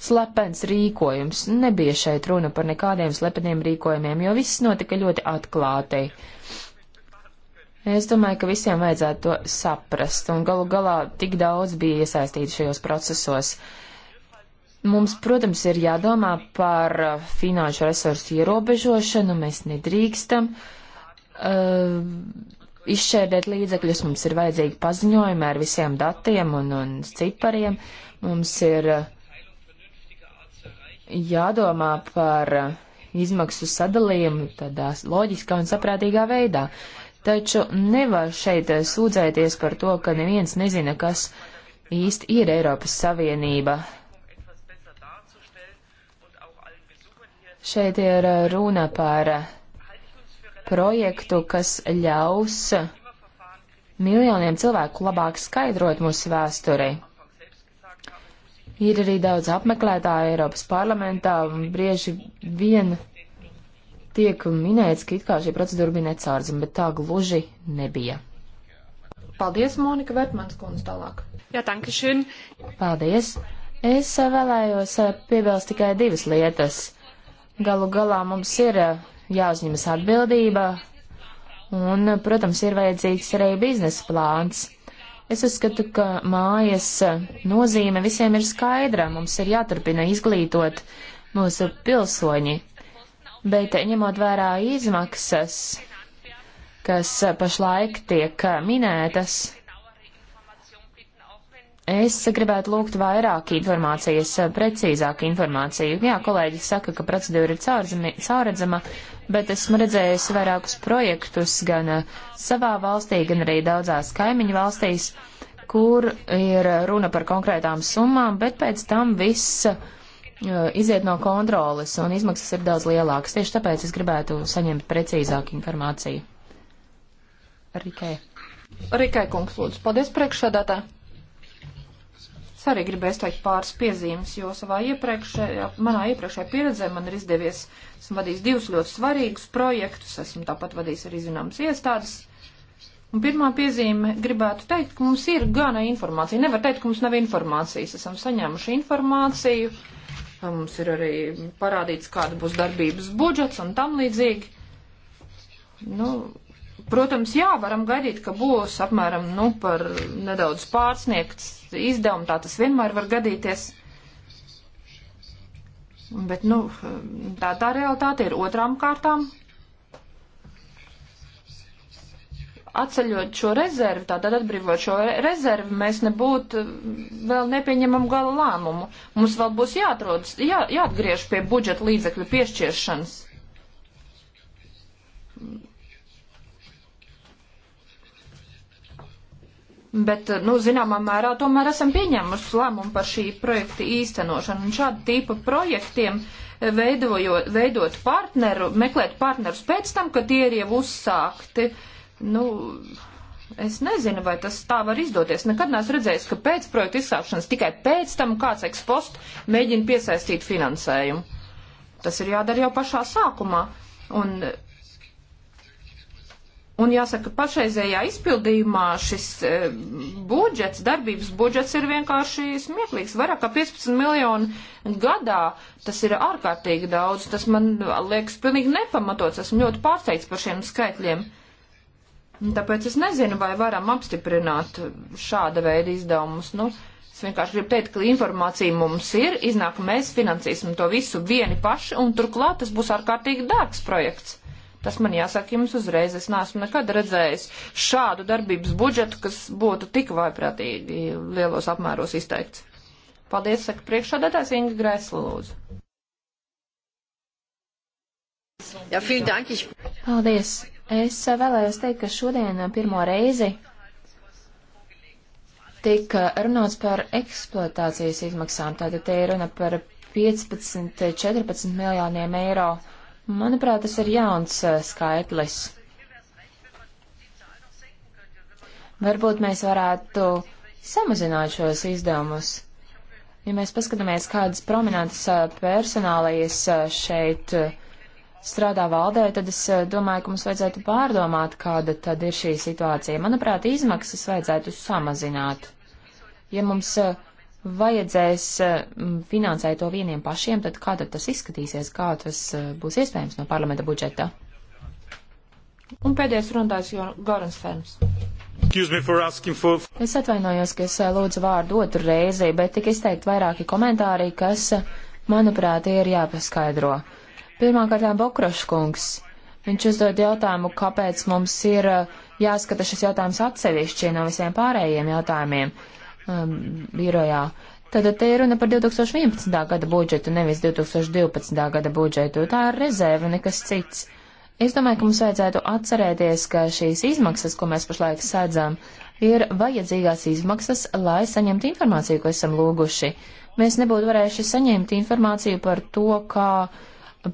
slepens rīkojums. Nebija šeit runa par nekādiem slepeniem rīkojumiem, jo viss notika ļoti atklāti. Es domāju, ka visiem vajadzētu to saprast, un galu galā tik daudz bija iesaistīti šajos procesos. Mums, protams, ir jādomā par finanšu resursu ierobežošanu, mēs nedrīkstam. Uh, izšķērdēt līdzekļus, mums ir vajadzīgi paziņojumi ar visiem datiem un, un cipariem, mums ir uh, jādomā par izmaksu sadalījumu tādā loģiskā un saprātīgā veidā. Taču nevar šeit sūdzēties par to, ka neviens nezina, kas īsti ir Eiropas Savienība. Šeit ir runa par projektu, kas ļaus miljoniem cilvēku labāk skaidrot mūsu vēsturei. Ir arī daudz apmeklētāju Eiropas parlamentā, un bieži vien tiek minēts, ka it kā šī procedūra bija necārdzama, bet tā gluži nebija. Paldies, Monika Vertmans kundze tālāk. Jā, tanka šun. Paldies. Es vēlējos eh, piebilst tikai divas lietas. Galu galā mums ir eh, jāuzņemas atbildība, un, protams, ir vajadzīgs arī biznesa plāns. Es uzskatu, ka mājas nozīme visiem ir skaidra. Mums ir jāturpina izglītot mūsu pilsoņi. Bet ņemot vērā izmaksas, kas pašlaik tiek minētas, Es gribētu lūgt vairāk informācijas, precīzāku informāciju. Jā, kolēģi saka, ka procedūra ir caurredzama, bet esmu redzējusi vairākus projektus gan uh, savā valstī, gan arī daudzās kaimiņu valstīs, kur ir runa par konkrētām summām, bet pēc tam viss uh, iziet no kontroles un izmaksas ir daudz lielākas. Tieši tāpēc es gribētu saņemt precīzāku informāciju. Rikai. Rikai kungs, lūdzu. Paldies priekšsēdētāji. Es arī gribēju izteikt pāris piezīmes, jo savā iepriekšējā, manā iepriekšējā pieredzē man ir izdevies, esmu vadījis divus ļoti svarīgus projektus, esmu tāpat vadījis arī zināmas iestādes. Un pirmā piezīme gribētu teikt, ka mums ir gana informācija. Nevar teikt, ka mums nav informācijas. Esam saņēmuši informāciju, mums ir arī parādīts, kāda būs darbības budžets un tam līdzīgi. Nu, Protams, jā, varam gaidīt, ka būs apmēram, nu, par nedaudz pārsniegts izdevumu, tā tas vienmēr var gadīties. Bet, nu, tā tā realitāte ir otrām kārtām. Atceļot šo rezervi, tātad atbrīvot šo rezervi, mēs nebūtu mm, vēl nepieņemam gala lēmumu. Mums vēl būs jāatrodas, jā, jāatgriež pie budžeta līdzekļu piešķiršanas Bet, nu, zināmā mērā tomēr esam pieņēmuši lēmumu par šī projekta īstenošanu. Un šāda tīpa projektiem e, veidojot, veidot partneru, meklēt partnerus pēc tam, kad tie ir jau uzsākti, nu, es nezinu, vai tas tā var izdoties. Nekad neesmu redzējis, ka pēc projekta izsākšanas tikai pēc tam kāds ekspost mēģina piesaistīt finansējumu. Tas ir jādara jau pašā sākumā. Un Un jāsaka, pašreizējā izpildījumā šis e, budžets, darbības budžets ir vienkārši smieklīgs. Vairāk kā 15 miljoni gadā tas ir ārkārtīgi daudz. Tas man liekas pilnīgi nepamatots. Esmu ļoti pārsteigts par šiem skaitļiem. Tāpēc es nezinu, vai varam apstiprināt šāda veida izdevumus. Nu, es vienkārši gribu teikt, ka informācija mums ir, iznāk mēs finansēsim to visu vieni paši, un turklāt tas būs ārkārtīgi dārgs projekts. Tas man jāsaka jums uzreiz. Es neesmu nekad redzējis šādu darbības budžetu, kas būtu tik vaiprātīgi lielos apmēros izteikts. Paldies, saka priekšādātājs Inga Grēsla lūdzu. Jā, vielen dank. Paldies. Es vēlējos teikt, ka šodien pirmo reizi tika runāts par eksploatācijas izmaksām. Tātad te ir runa par 15-14 miljoniem eiro Manuprāt, tas ir jauns eh, skaitlis. Varbūt mēs varētu samazināt šos izdevumus. Ja mēs paskatāmies, kādas prominentas eh, personālijas eh, šeit strādā valdē, tad es domāju, ka mums vajadzētu pārdomāt, kāda tad ir šī situācija. Manuprāt, izmaksas vajadzētu samazināt. Ja mums uh, vajadzēs eh, finansēt to vieniem pašiem, tad kā tad tas izskatīsies, kā tas eh, būs iespējams no parlamenta budžeta? Un pēdējais runātājs Gorans Ferms. For... Es atvainojos, ka es eh, lūdzu vārdu otru reizi, bet tika izteikt vairāki komentāri, kas, manuprāt, ir jāpaskaidro. Pirmkārt, Bokroškungs. Viņš uzdod jautājumu, kāpēc mums ir jāskata šis jautājums atsevišķi no visiem pārējiem jautājumiem. Uh, um, birojā. Tātad te ir runa par 2011. gada budžetu, nevis 2012. gada budžetu. Tā ir rezerve, nekas cits. Es domāju, ka mums vajadzētu atcerēties, ka šīs izmaksas, ko mēs pašlaik sēdzām, ir vajadzīgās izmaksas, lai saņemtu informāciju, ko esam lūguši. Mēs nebūtu varējuši saņemt informāciju par to, kā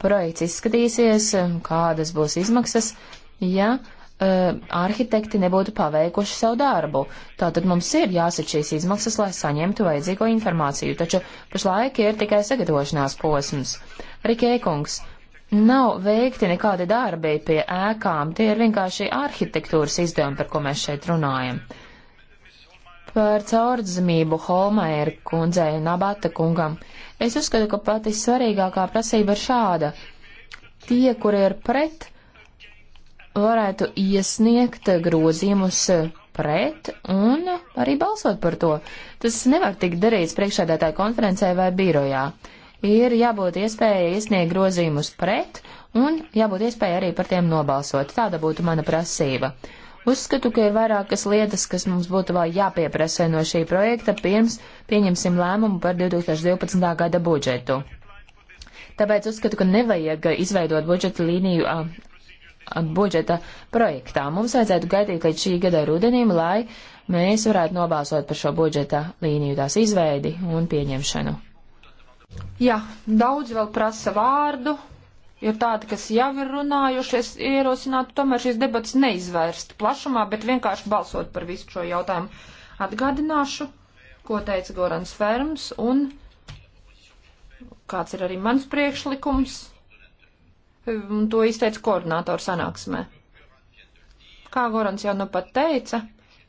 projekts izskatīsies, kādas būs izmaksas, ja uh, E, arhitekti nebūtu paveikuši savu darbu. Tātad mums ir jāsaka šīs izmaksas, lai saņemtu vajadzīgo informāciju, taču pašlaik ir tikai sagatavošanās posms. Rikēkungs, nav veikti nekādi darbi pie ēkām, tie ir vienkārši arhitektūras izdevumi, par ko mēs šeit runājam. Par caurdzamību Holmēra kundzei un Abata kungam. Es uzskatu, ka pati svarīgākā prasība ir šāda. Tie, kuri ir pret varētu iesniegt grozījumus pret un arī balsot par to. Tas nevar tikt darīts priekšsēdētāju konferencē vai birojā. Ir jābūt iespēja iesniegt grozījumus pret un jābūt iespēja arī par tiem nobalsot. Tāda būtu mana prasība. Uzskatu, ka ir vairākas lietas, kas mums būtu vēl jāpieprasa no šī projekta pirms pieņemsim lēmumu par 2012. gada budžetu. Tāpēc uzskatu, ka nevajag izveidot budžeta līniju budžeta projektā. Mums vajadzētu gaidīt līdz šī gada rudenim, lai mēs varētu nobalsot par šo budžeta līniju tās izveidi un pieņemšanu. Jā, daudz vēl prasa vārdu. Ir tādi, kas jau ir runājušies, ierosinātu tomēr šīs debatas neizvērst plašumā, bet vienkārši balsot par visu šo jautājumu. Atgādināšu, ko teica Gorans Ferms un kāds ir arī mans priekšlikums to izteica koordinātoru sanāksmē. Kā Gorans jau nu pat teica,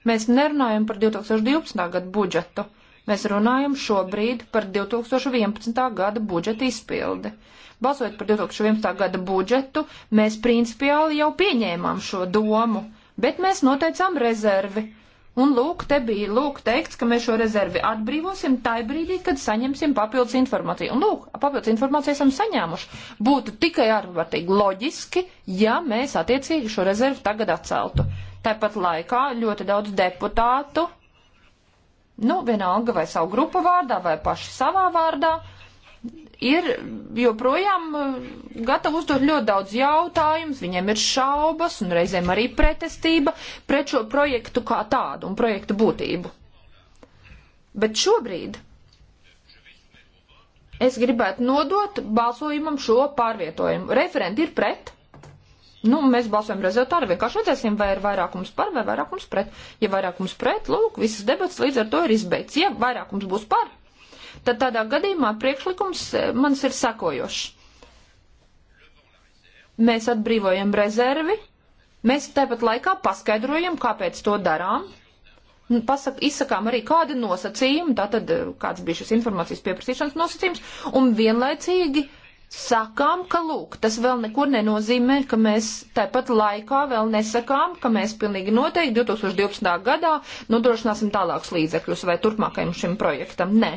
mēs nerunājam par 2012. gadu budžetu, mēs runājam šobrīd par 2011. gada budžeta izpildi. Balsojot par 2011. gada budžetu, mēs principiāli jau pieņēmām šo domu, bet mēs noteicām rezervi Un lūk, te bija lūk teikts, ka mēs šo rezervi atbrīvosim tajā brīdī, kad saņemsim papildus informāciju. Un lūk, papildus informāciju esam saņēmuši. Būtu tikai ārkārtīgi loģiski, ja mēs attiecīgi šo rezervu tagad atceltu. Tāpat laikā ļoti daudz deputātu, nu, vienalga vai savu grupu vārdā, vai paši savā vārdā, uh, ir joprojām uh, gatavi uzdot ļoti daudz jautājumus, viņiem ir šaubas un reizēm arī pretestība pret šo projektu kā tādu un projektu būtību. Bet šobrīd es gribētu nodot balsojumam šo pārvietojumu. Referenti ir pret. Nu, mēs balsojam rezultātu, vienkārši redzēsim, vai ir vairākums par vai vairākums pret. Ja vairākums pret, lūk, visas debats līdz ar to ir izbeigts. Ja vairākums būs par, tad tādā gadījumā priekšlikums eh, mans ir sakojošs. Mēs atbrīvojam rezervi, mēs tāpat laikā paskaidrojam, kāpēc to darām, nu, Pasak, izsakām arī kādi nosacījumi, tātad eh, kāds bija šis informācijas pieprasīšanas nosacījums, un vienlaicīgi sakām, ka lūk, tas vēl nekur nenozīmē, ka mēs tāpat laikā vēl nesakām, ka mēs pilnīgi noteikti 2012. gadā nodrošināsim tālākus līdzekļus vai turpmākajam šim projektam. Nē.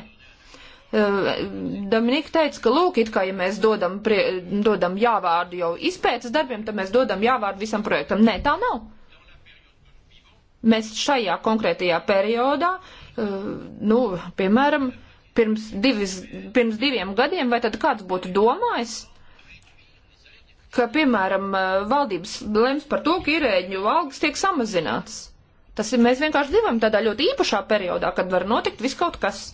Eh, Dominika teica, ka lūk, it kā ja mēs dodam, prie, dodam jāvārdu jau izpētes darbiem, tad mēs dodam jāvārdu visam projektam. Nē, tā nav. Mēs šajā konkrētajā periodā, eh, nu, piemēram, pirms, divis, pirms diviem gadiem, vai tad kāds būtu domājis, ka, piemēram, eh, valdības lems par to, ka ierēģu algas tiek samazināts. Tas ir, mēs vienkārši dzīvojam tādā ļoti īpašā periodā, kad var notikt viskaut kas.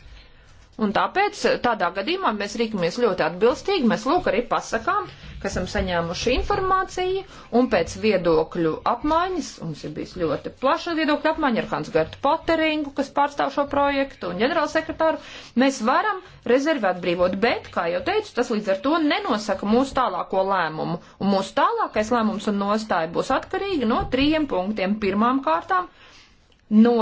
Un tāpēc tādā gadījumā mēs rīkamies ļoti atbilstīgi. Mēs lūk arī pasakām, ka esam saņēmuši informāciju un pēc viedokļu apmaiņas, mums ir bijis ļoti plaša viedokļa apmaiņa ar Hans Gertu Poteringu, kas pārstāv šo projektu un ģenerālsekretāru, mēs varam rezervi atbrīvot, bet, kā jau teicu, tas līdz ar to nenosaka mūsu tālāko lēmumu. Un mūsu tālākais lēmums un nostāja būs atkarīga no trījiem punktiem. Pirmām kārtām no,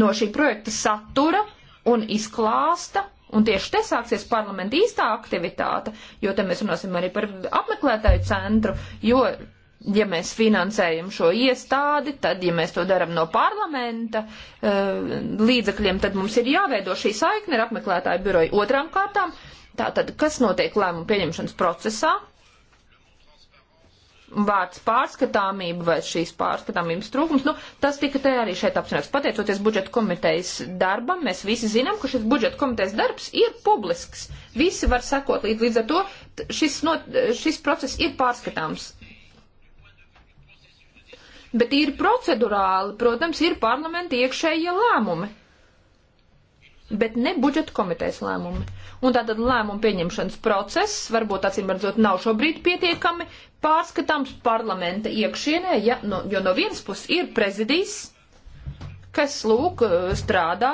no šī projekta satura un izklāsta. Un tieši te sāksies parlamenta īstā aktivitāte, jo te mēs runāsim arī par apmeklētāju centru, jo, ja mēs finansējam šo iestādi, tad, ja mēs to daram no parlamenta eh, līdzakļiem, tad mums ir jāveido šī saikne ar apmeklētāju biroju otrām kārtām. Tātad, kas notiek lēmumu pieņemšanas procesā, vārds pārskatāmība vai šīs pārskatāmības trūkums, nu, tas tika te arī šeit apsvērts. Pateicoties budžeta komitejas darbam, mēs visi zinām, ka šis budžeta komitejas darbs ir publisks. Visi var sekot līdz, līdz ar to, šis, no, šis process ir pārskatāms. Bet ir procedurāli, protams, ir parlamenta iekšējie lēmumi bet ne budžeta komitejas lēmumi. Un tātad lēmumu pieņemšanas process varbūt acīm redzot nav šobrīd pietiekami pārskatāms parlamenta iekšienē, ja, no, jo no vienas puses ir prezidijs, kas lūk strādā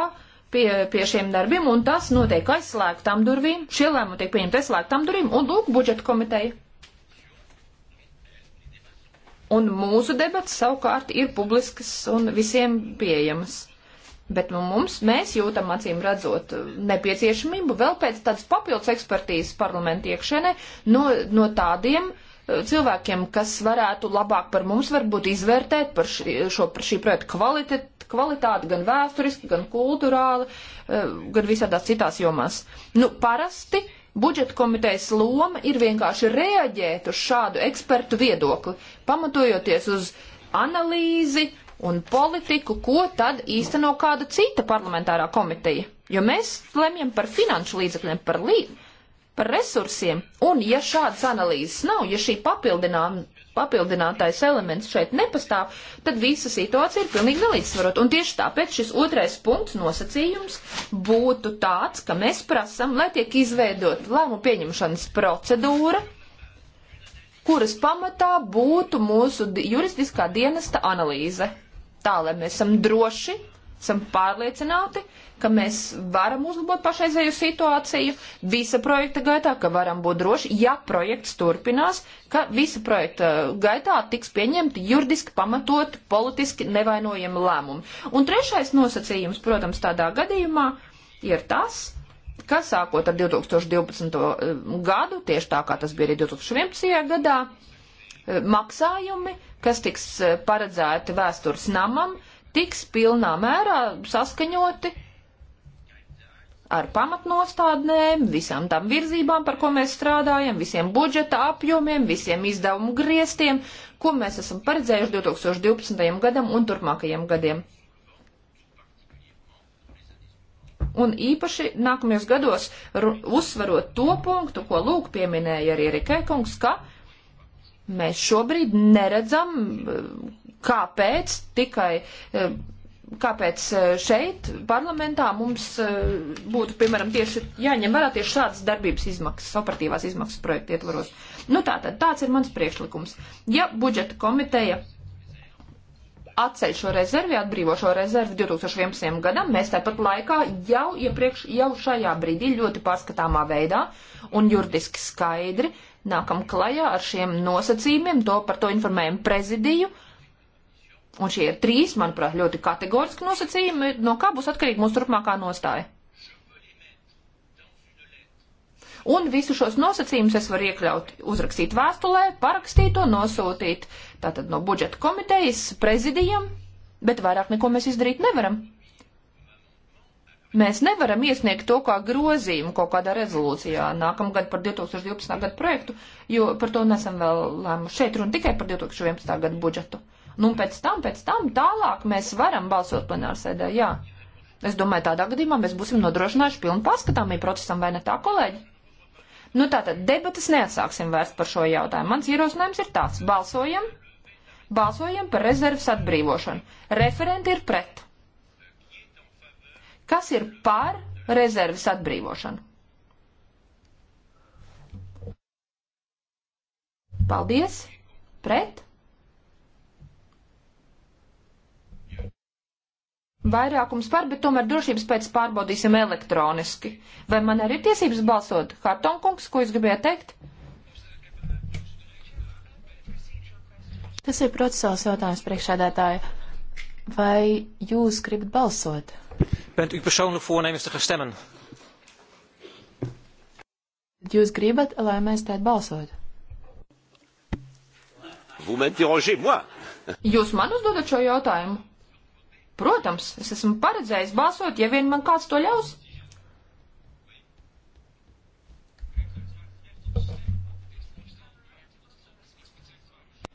pie, pie šiem darbiem, un tas notiek aizslēgtām durvīm. Šie lēmumi tiek pieņemti aizslēgtām durvīm, un lūk budžeta komiteja. Un mūsu debats savukārt ir publiskas un visiem pieejamas. Bet nu, mums, mēs jūtam acīm redzot nepieciešamību vēl pēc tādas papildus ekspertīzes parlamentu iekšēnē no, no tādiem e, cilvēkiem, kas varētu labāk par mums varbūt izvērtēt par šī, šo, par šī projekta kvalitāti, kvalitāti gan vēsturiski, gan kulturāli, e, gan visādās citās jomās. Nu, parasti budžeta komitejas loma ir vienkārši reaģēt uz šādu ekspertu viedokli, pamatojoties uz analīzi, un politiku, ko tad īsteno kāda cita parlamentārā komiteja. Jo mēs lemjam par finanšu līdzekļiem, par, lī, par resursiem, un ja šādas analīzes nav, ja šī papildinātais elements šeit nepastāv, tad visa situācija ir pilnīgi nelīdzsvarot. Un tieši tāpēc šis otrais punkts nosacījums būtu tāds, ka mēs prasam, lai tiek izveidot lēmu pieņemšanas procedūra, kuras pamatā būtu mūsu juridiskā dienesta analīze. Tā, lai mēs esam droši, esam pārliecināti, ka mēs varam uzlabot pašreizēju situāciju visa projekta gaitā, ka varam būt droši, ja projekts turpinās, ka visa projekta gaitā tiks pieņemti juridiski pamatot, politiski nevainojami lēmumi. Un trešais nosacījums, protams, tādā gadījumā ir tas, ka sākot ar 2012. gadu, tieši tā kā tas bija arī 2011. gadā, maksājumi, kas tiks eh, paredzēti vēstures namam, tiks pilnā mērā saskaņoti ar pamatnostādnēm, visām tām virzībām, par ko mēs strādājam, visiem budžeta apjomiem, visiem izdevumu griestiem, ko mēs esam paredzējuši 2012. gadam un turpmākajiem gadiem. Un īpaši nākamajos gados uzsvarot to punktu, ko lūk pieminēja arī Rikē kungs, ka uh, Mēs šobrīd neredzam, eh, kāpēc tikai, eh, kāpēc eh, šeit parlamentā mums būtu, piemēram, tieši jāņem vērā tieši šādas darbības izmaksas, operatīvās izmaksas projekta ietvaros. Nu tātad, tāds ir mans priekšlikums. Ja budžeta komiteja atceļ šo rezervi, atbrīvo šo rezervi 2011. gadam, mēs tāpat laikā jau iepriekš, jau šajā brīdī ļoti pārskatāmā veidā un juridiski skaidri nākam klajā ar šiem nosacījumiem, to par to informējam prezidiju. Un šie ir trīs, manuprāt, ļoti kategoriski nosacījumi, no kā būs atkarīga mūsu turpmākā nostāja. Un visu šos nosacījumus es varu iekļaut, uzrakstīt vēstulē, parakstīt to, nosūtīt tātad no budžeta komitejas prezidijam, bet vairāk neko mēs izdarīt nevaram. Mēs nevaram iesniegt to kā grozījumu kaut kādā rezolūcijā nākamgad par 2012. gadu projektu, jo par to nesam vēl lēmuši. Šeit runa tikai par 2011. gadu budžetu. Nu, un pēc tam, pēc tam, tālāk mēs varam balsot plenārsēdē, jā. Es domāju, tādā gadījumā mēs būsim nodrošinājuši pilnu paskatāmību procesam, vai ne tā, kolēģi? Nu, tātad debatas neatsāksim vairs par šo jautājumu. Mans ierosinājums ir tāds. Balsojam, balsojam par rezerves atbrīvošanu. Referenti ir pret. Kas ir par rezerves atbrīvošanu? Paldies! Pret! Vairākums par, bet tomēr drošības pēc pārbaudīsim elektroniski. Vai man arī ir tiesības balsot? Hartonkungs, ko jūs gribējāt teikt? Tas ir procesāls jautājums priekšādātāja. Vai jūs gribat balsot? Bent u persoonlijk voornemens te gaan stemmen? Jūs gribat, lai mēs tēt balsot? Jūs man uzdodat šo jautājumu? Protams, es esmu paredzējis balsot, ja vien man kāds to ļaus.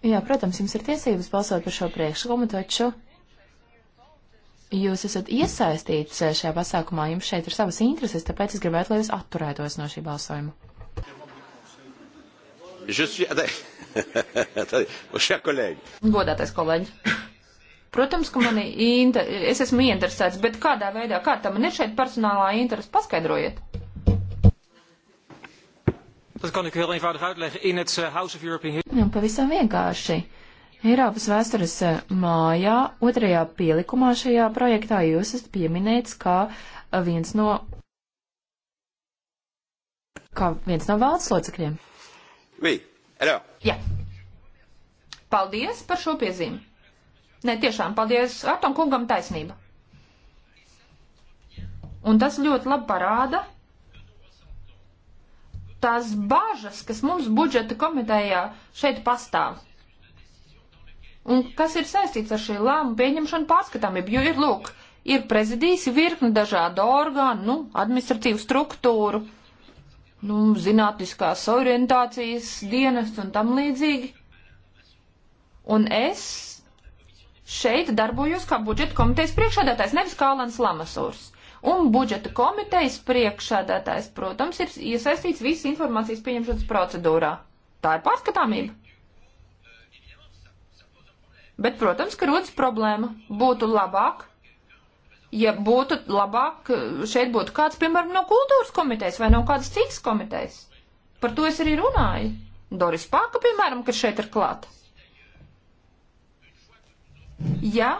Jā, protams, jums ir tiesības balsot par šo priekšlikumu, taču jūs esat iesaistīts eh, šajā pasākumā, jums šeit ir savas intereses, tāpēc es gribētu, lai jūs atturētos no šī balsojuma. Godātais kolēģi. Protams, ka mani inter... es esmu ieinteresēts, bet kādā veidā, kā tam man ir šeit personālā interese, paskaidrojiet. Tas kan ik heel eenvoudig uitleggen in het eh, House of European History. Nu, pavisam vienkārši. Uh, Eiropas vēstures eh, mājā otrajā pielikumā šajā projektā jūs esat pieminēts kā eh, viens no, kā viens no valdes locekļiem. Oui. Alors. Jā. Paldies par šo piezīmi. Nē, tiešām paldies Artom kungam taisnība. Un tas ļoti labi parāda tās bāžas, kas mums budžeta komitējā šeit pastāv Un kas ir saistīts ar šī lēmuma pieņemšanu pārskatāmību? Jo ir, lūk, ir prezidijas virkni dažādu orgānu, nu, administratīvu struktūru, nu, zinātniskās orientācijas dienas un tam līdzīgi. Un es šeit darbojos kā budžeta komitejas priekšādātājs, nevis kā Alans Lamasūrs. Un budžeta komitejas priekšādātājs, protams, ir iesaistīts visas informācijas pieņemšanas procedūrā. Tā ir pārskatāmība. Bet, protams, ka rodas problēma. Būtu labāk, ja būtu labāk šeit būtu kāds, piemēram, no kultūras komitejas vai no kādas citas komitejas. Par to es arī runāju. Doris Pāka, piemēram, kas šeit ir klāta. Ja,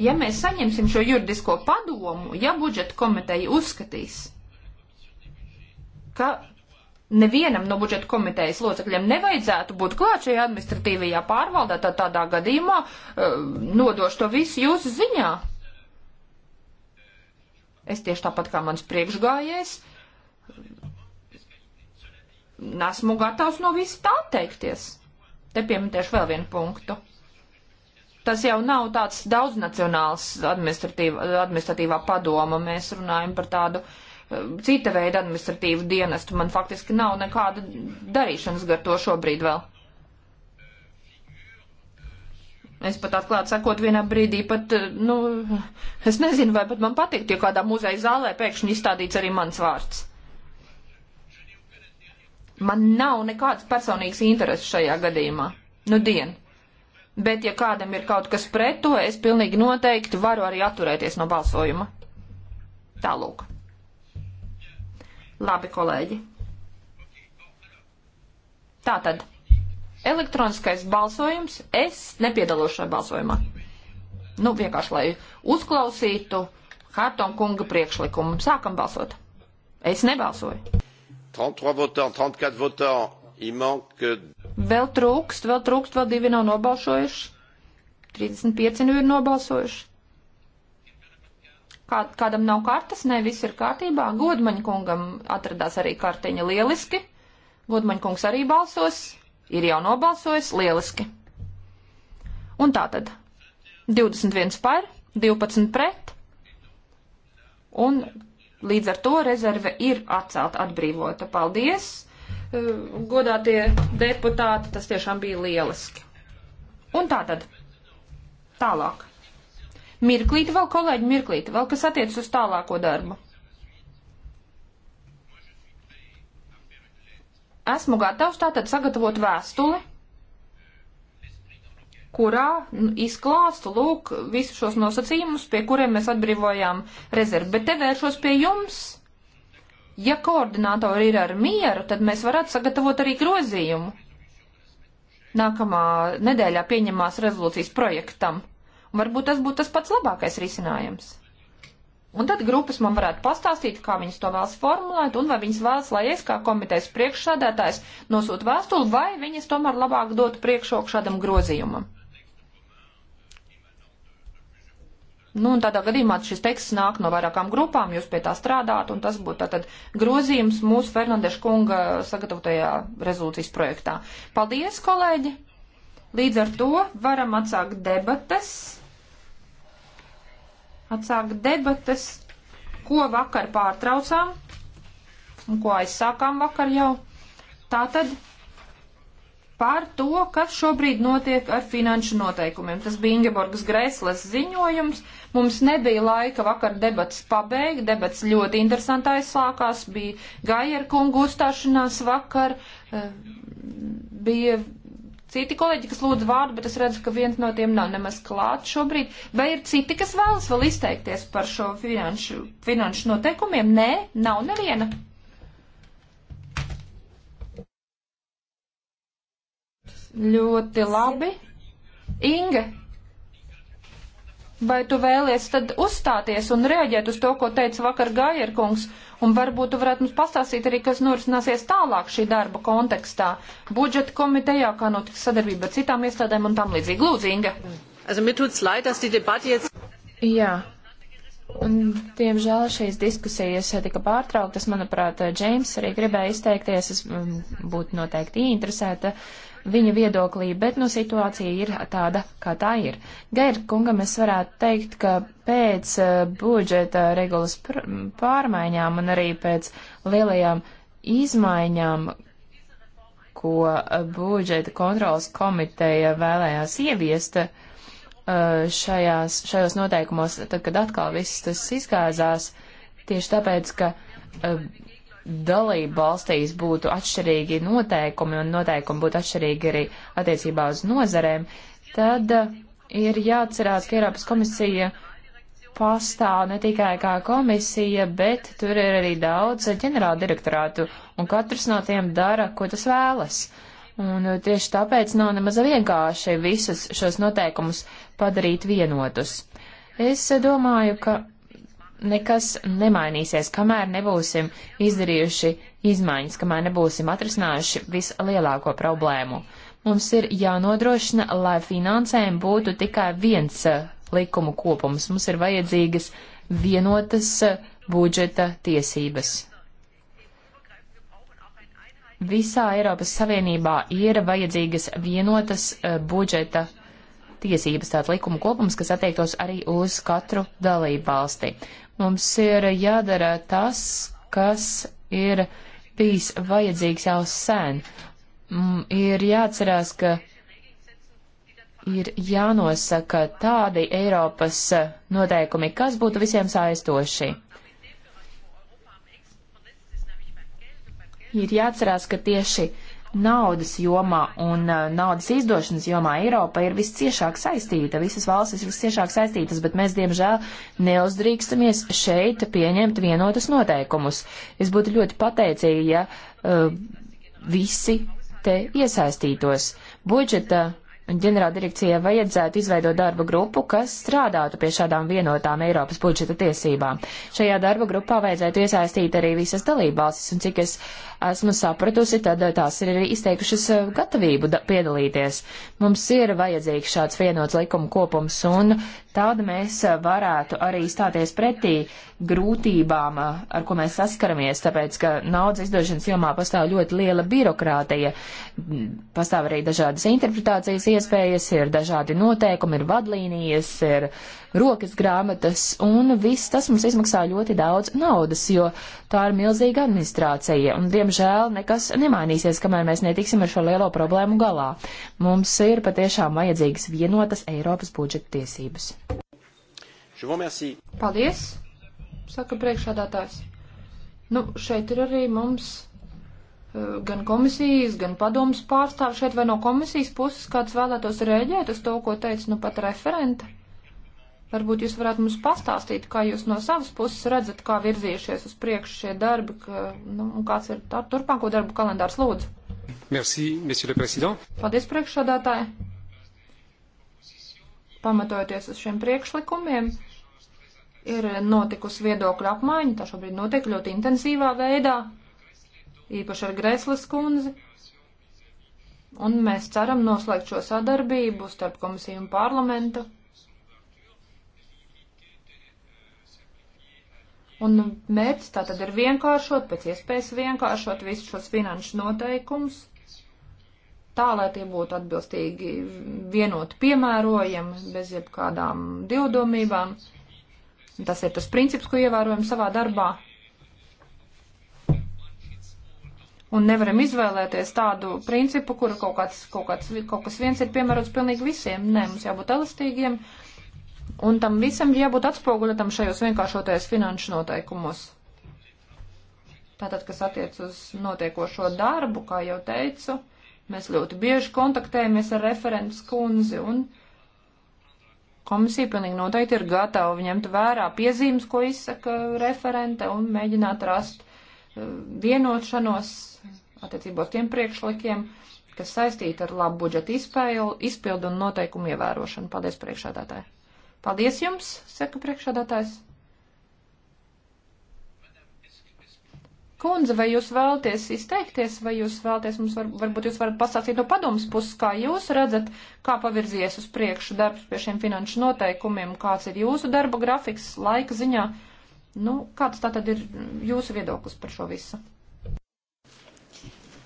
ja mēs saņemsim šo juridisko padomu, ja budžeta komiteja uzskatīs, ka nevienam no budžeta komitejas locekļiem nevajadzētu būt klāt šajā administratīvajā pārvaldē, tad tādā gadījumā eh, nodošu to visu jūsu ziņā. Es tieši tāpat kā mans priekšgājējs nesmu gatavs no visa tā atteikties. Te pieminēšu vēl vienu punktu. Tas jau nav tāds daudznacionāls administratīvā, administratīvā padoma. Mēs runājam par tādu uh, cita veida administratīvu dienestu. Man faktiski nav nekāda darīšanas gar to šobrīd vēl. Es pat atklāti sakot, vienā brīdī pat, nu, es nezinu, vai pat man patiktu, ja kādā muzeja zālē pēkšņi izstādīts arī mans vārds. Man nav nekādas personīgas intereses šajā gadījumā. Nu, dien. Bet, ja kādam ir kaut kas pret to, es pilnīgi noteikti varu arī atturēties no balsojuma. Tālūk. Labi, kolēģi. Tātad, elektroniskais balsojums, es nepiedalos šajā balsojumā. Nu, vienkārši, lai uzklausītu Hartong kunga priekšlikumu. Sākam balsot. Es nebalsoju. 33 votants, 34 votants, il manque. Vēl trūkst, vēl trūkst, vēl divi nav nobalsojuši. 35 nu ir nobalsojuši. Kā, kādam nav kartas, ne viss ir kārtībā. Godmaņa kungam atradās arī kartiņa lieliski. Godmaņa kungs arī balsos, ir jau nobalsojis lieliski. Un tā tad 21 par, 12 pret, un līdz ar to rezerve ir atcelta, atbrīvota. Paldies, eh, godātie deputāti, tas tiešām bija lieliski. Un tā tad tālāk. Mirklīti vēl, kolēģi, mirklīti vēl, kas attiec uz tālāko darbu. Esmu gatavs tātad sagatavot vēstuli, kurā izklāstu lūk visus šos nosacījumus, pie kuriem mēs atbrīvojām rezervu. Bet te vēršos pie jums. Ja koordinātori ir ar mieru, tad mēs varētu sagatavot arī grozījumu nākamā nedēļā pieņemās rezolūcijas projektam. Un varbūt tas būtu tas pats labākais risinājums. Un tad grupas man varētu pastāstīt, kā viņas to vēlas formulēt, un vai viņas vēlas, lai es kā komitejas priekšsādātājs nosūtu vēstuli, vai viņas tomēr labāk dotu priekšroku šādam grozījumam. Nu, un tādā gadījumā šis teksts nāk no vairākām grupām, jūs pie tā strādāt, un tas būtu tātad grozījums mūsu Fernandeša kunga sagatavotajā rezolūcijas projektā. Paldies, kolēģi! Līdz ar to varam atsākt debates atsākt debatas, ko vakar pārtraucām un ko aizsākām vakar jau. Tātad par to, kas šobrīd notiek ar finanšu noteikumiem. Tas bija Ingeborgas Grēslas ziņojums. Mums nebija laika vakar debats pabeigt, debats ļoti interesanti aizsākās, bija Gajer kungu uzstāšanās vakar, eh, bija Citi kolēģi, kas lūdz vārdu, bet es redzu, ka viens no tiem nav nemaz klāt šobrīd. Vai ir citi, kas vēlas vēl izteikties par šo finanšu, finanšu noteikumiem? Nē, nav neviena. Ļoti labi. Inga, Vai tu vēlies tad uzstāties un reaģēt uz to, ko teica vakar Gairkungs, un varbūt tu varētu mums pastāstīt arī, kas norisināsies tālāk šī darba kontekstā, budžeta komitejā, kā notiks sadarbība ar citām iestādēm un tam līdzīgi. Lūdzu, Inga. Jā, Un, diemžēl šīs diskusijas tika pārtrauktas. Manuprāt, Džeims arī gribēja izteikties. Es mm, būtu noteikti interesēta viņa viedoklī, bet nu, situācija ir tāda, kā tā ir. Gaira kungam es varētu teikt, ka pēc eh, budžeta regulas pārmaiņām un arī pēc lielajām izmaiņām, ko eh, budžeta kontrolas komiteja vēlējās ieviest eh, šajās, šajos noteikumos, tad, kad atkal viss tas izgāzās, tieši tāpēc, ka dalību valstīs būtu atšķirīgi noteikumi un noteikumi būtu atšķirīgi arī attiecībā uz nozarēm, tad uh, ir jāatcerās, ka Eiropas komisija pastāv ne tikai kā komisija, bet tur ir arī daudz ģenerāla direktorātu, un katrs no tiem dara, ko tas vēlas. Un uh, tieši tāpēc nav nemaz vienkārši visus šos noteikumus padarīt vienotus. Es uh, domāju, ka nekas nemainīsies, kamēr nebūsim izdarījuši izmaiņas, kamēr nebūsim atrisinājuši vislielāko problēmu. Mums ir jānodrošina, lai finansēm būtu tikai viens eh, likumu kopums. Mums ir vajadzīgas vienotas eh, budžeta tiesības. Visā Eiropas Savienībā ir vajadzīgas vienotas eh, budžeta tiesības, tāds likuma kopums, kas attiektos arī uz katru dalību valsti. Mums ir jādara tas, kas ir bijis vajadzīgs jau sen. Ir jāatcerās, ka ir jānosaka tādi Eiropas noteikumi, kas būtu visiem saistoši. Ir jāatcerās, ka tieši naudas jomā un uh, naudas izdošanas jomā Eiropa ir visciešāk saistīta, visas valstis ir visciešāk saistītas, bet mēs, diemžēl, neuzdrīkstamies šeit pieņemt vienotus noteikumus. Es būtu ļoti pateicīga, ja uh, visi te iesaistītos. Budžeta ģenerāldirekcijai vajadzētu izveidot darba grupu, kas strādātu pie šādām vienotām Eiropas budžeta tiesībām. Šajā darba grupā vajadzētu iesaistīt arī visas dalībvalstis, un cik es esmu sapratusi, tad eh, tās ir arī izteikušas eh, gatavību piedalīties. Mums ir vajadzīgs šāds vienots likuma kopums, un tad mēs eh, varētu arī stāties pretī grūtībām, ar ko mēs saskaramies, tāpēc, ka naudas izdošanas jomā pastāv ļoti liela birokrātija. Pastāv arī dažādas interpretācijas iespējas, ir dažādi noteikumi, ir vadlīnijas, ir rokas grāmatas, un viss tas mums izmaksā ļoti daudz naudas, jo tā ir milzīga administrācija, un diemžēl nekas nemainīsies, kamēr mēs netiksim ar šo lielo problēmu galā. Mums ir patiešām vajadzīgas vienotas Eiropas budžeta tiesības. Paldies, saka priekšādātājs. Nu, šeit ir arī mums eh, gan komisijas, gan padomas pārstāvis šeit vai no komisijas puses kāds vēlētos rēģēt uz to, ko teica nu pat referente. Varbūt jūs varētu mums pastāstīt, kā jūs no savas puses redzat, kā virzījušies uz priekšu šie darbi, ka, nu, un kāds ir tā, turpmāko darbu kalendārs lūdzu. Merci, monsieur le président. Paldies, priekšsādātāji. Pamatojoties uz šiem priekšlikumiem, ir notikusi viedokļa apmaiņa, tā šobrīd notiek ļoti intensīvā veidā, īpaši ar Greslas kundzi un mēs ceram noslēgt šo sadarbību starp komisiju un parlamentu Un mērķis tā tad ir vienkāršot, pēc iespējas vienkāršot visus šos finanšu noteikumus, tā lai tie būtu atbilstīgi vienot piemērojami, bez jebkādām divdomībām. Tas ir tas princips, ko ievērojam savā darbā. Un nevaram izvēlēties tādu principu, kuru kaut, kāds, kaut, kāds, kaut kas viens ir piemērots pilnīgi visiem. Nē, mums jābūt elastīgiem. Uh, Un tam visam jābūt atspoguļotam šajos vienkāršotajos finanšu noteikumos. Tātad, kas attiec uz notiekošo darbu, kā jau teicu, mēs ļoti bieži kontaktējamies ar referents kundzi un komisija pilnīgi noteikti ir gatava ņemt vērā piezīmes, ko izsaka referente un mēģināt rast eh, vienošanos attiecībos tiem priekšlikiem, kas saistīti ar labu budžetu izpildu un noteikumu ievērošanu. Paldies priekšādātāji! Paldies jums, saka priekšādātājs. Kundze, vai jūs vēlaties izteikties, vai jūs vēlaties mums, var, varbūt jūs varat pastāstīt no padomas puses, kā jūs redzat, kā pavirzies uz priekšu darbs pie šiem finanšu noteikumiem, kāds ir jūsu darba grafiks laika ziņā, nu, kāds tātad ir jūsu viedoklis par šo visu?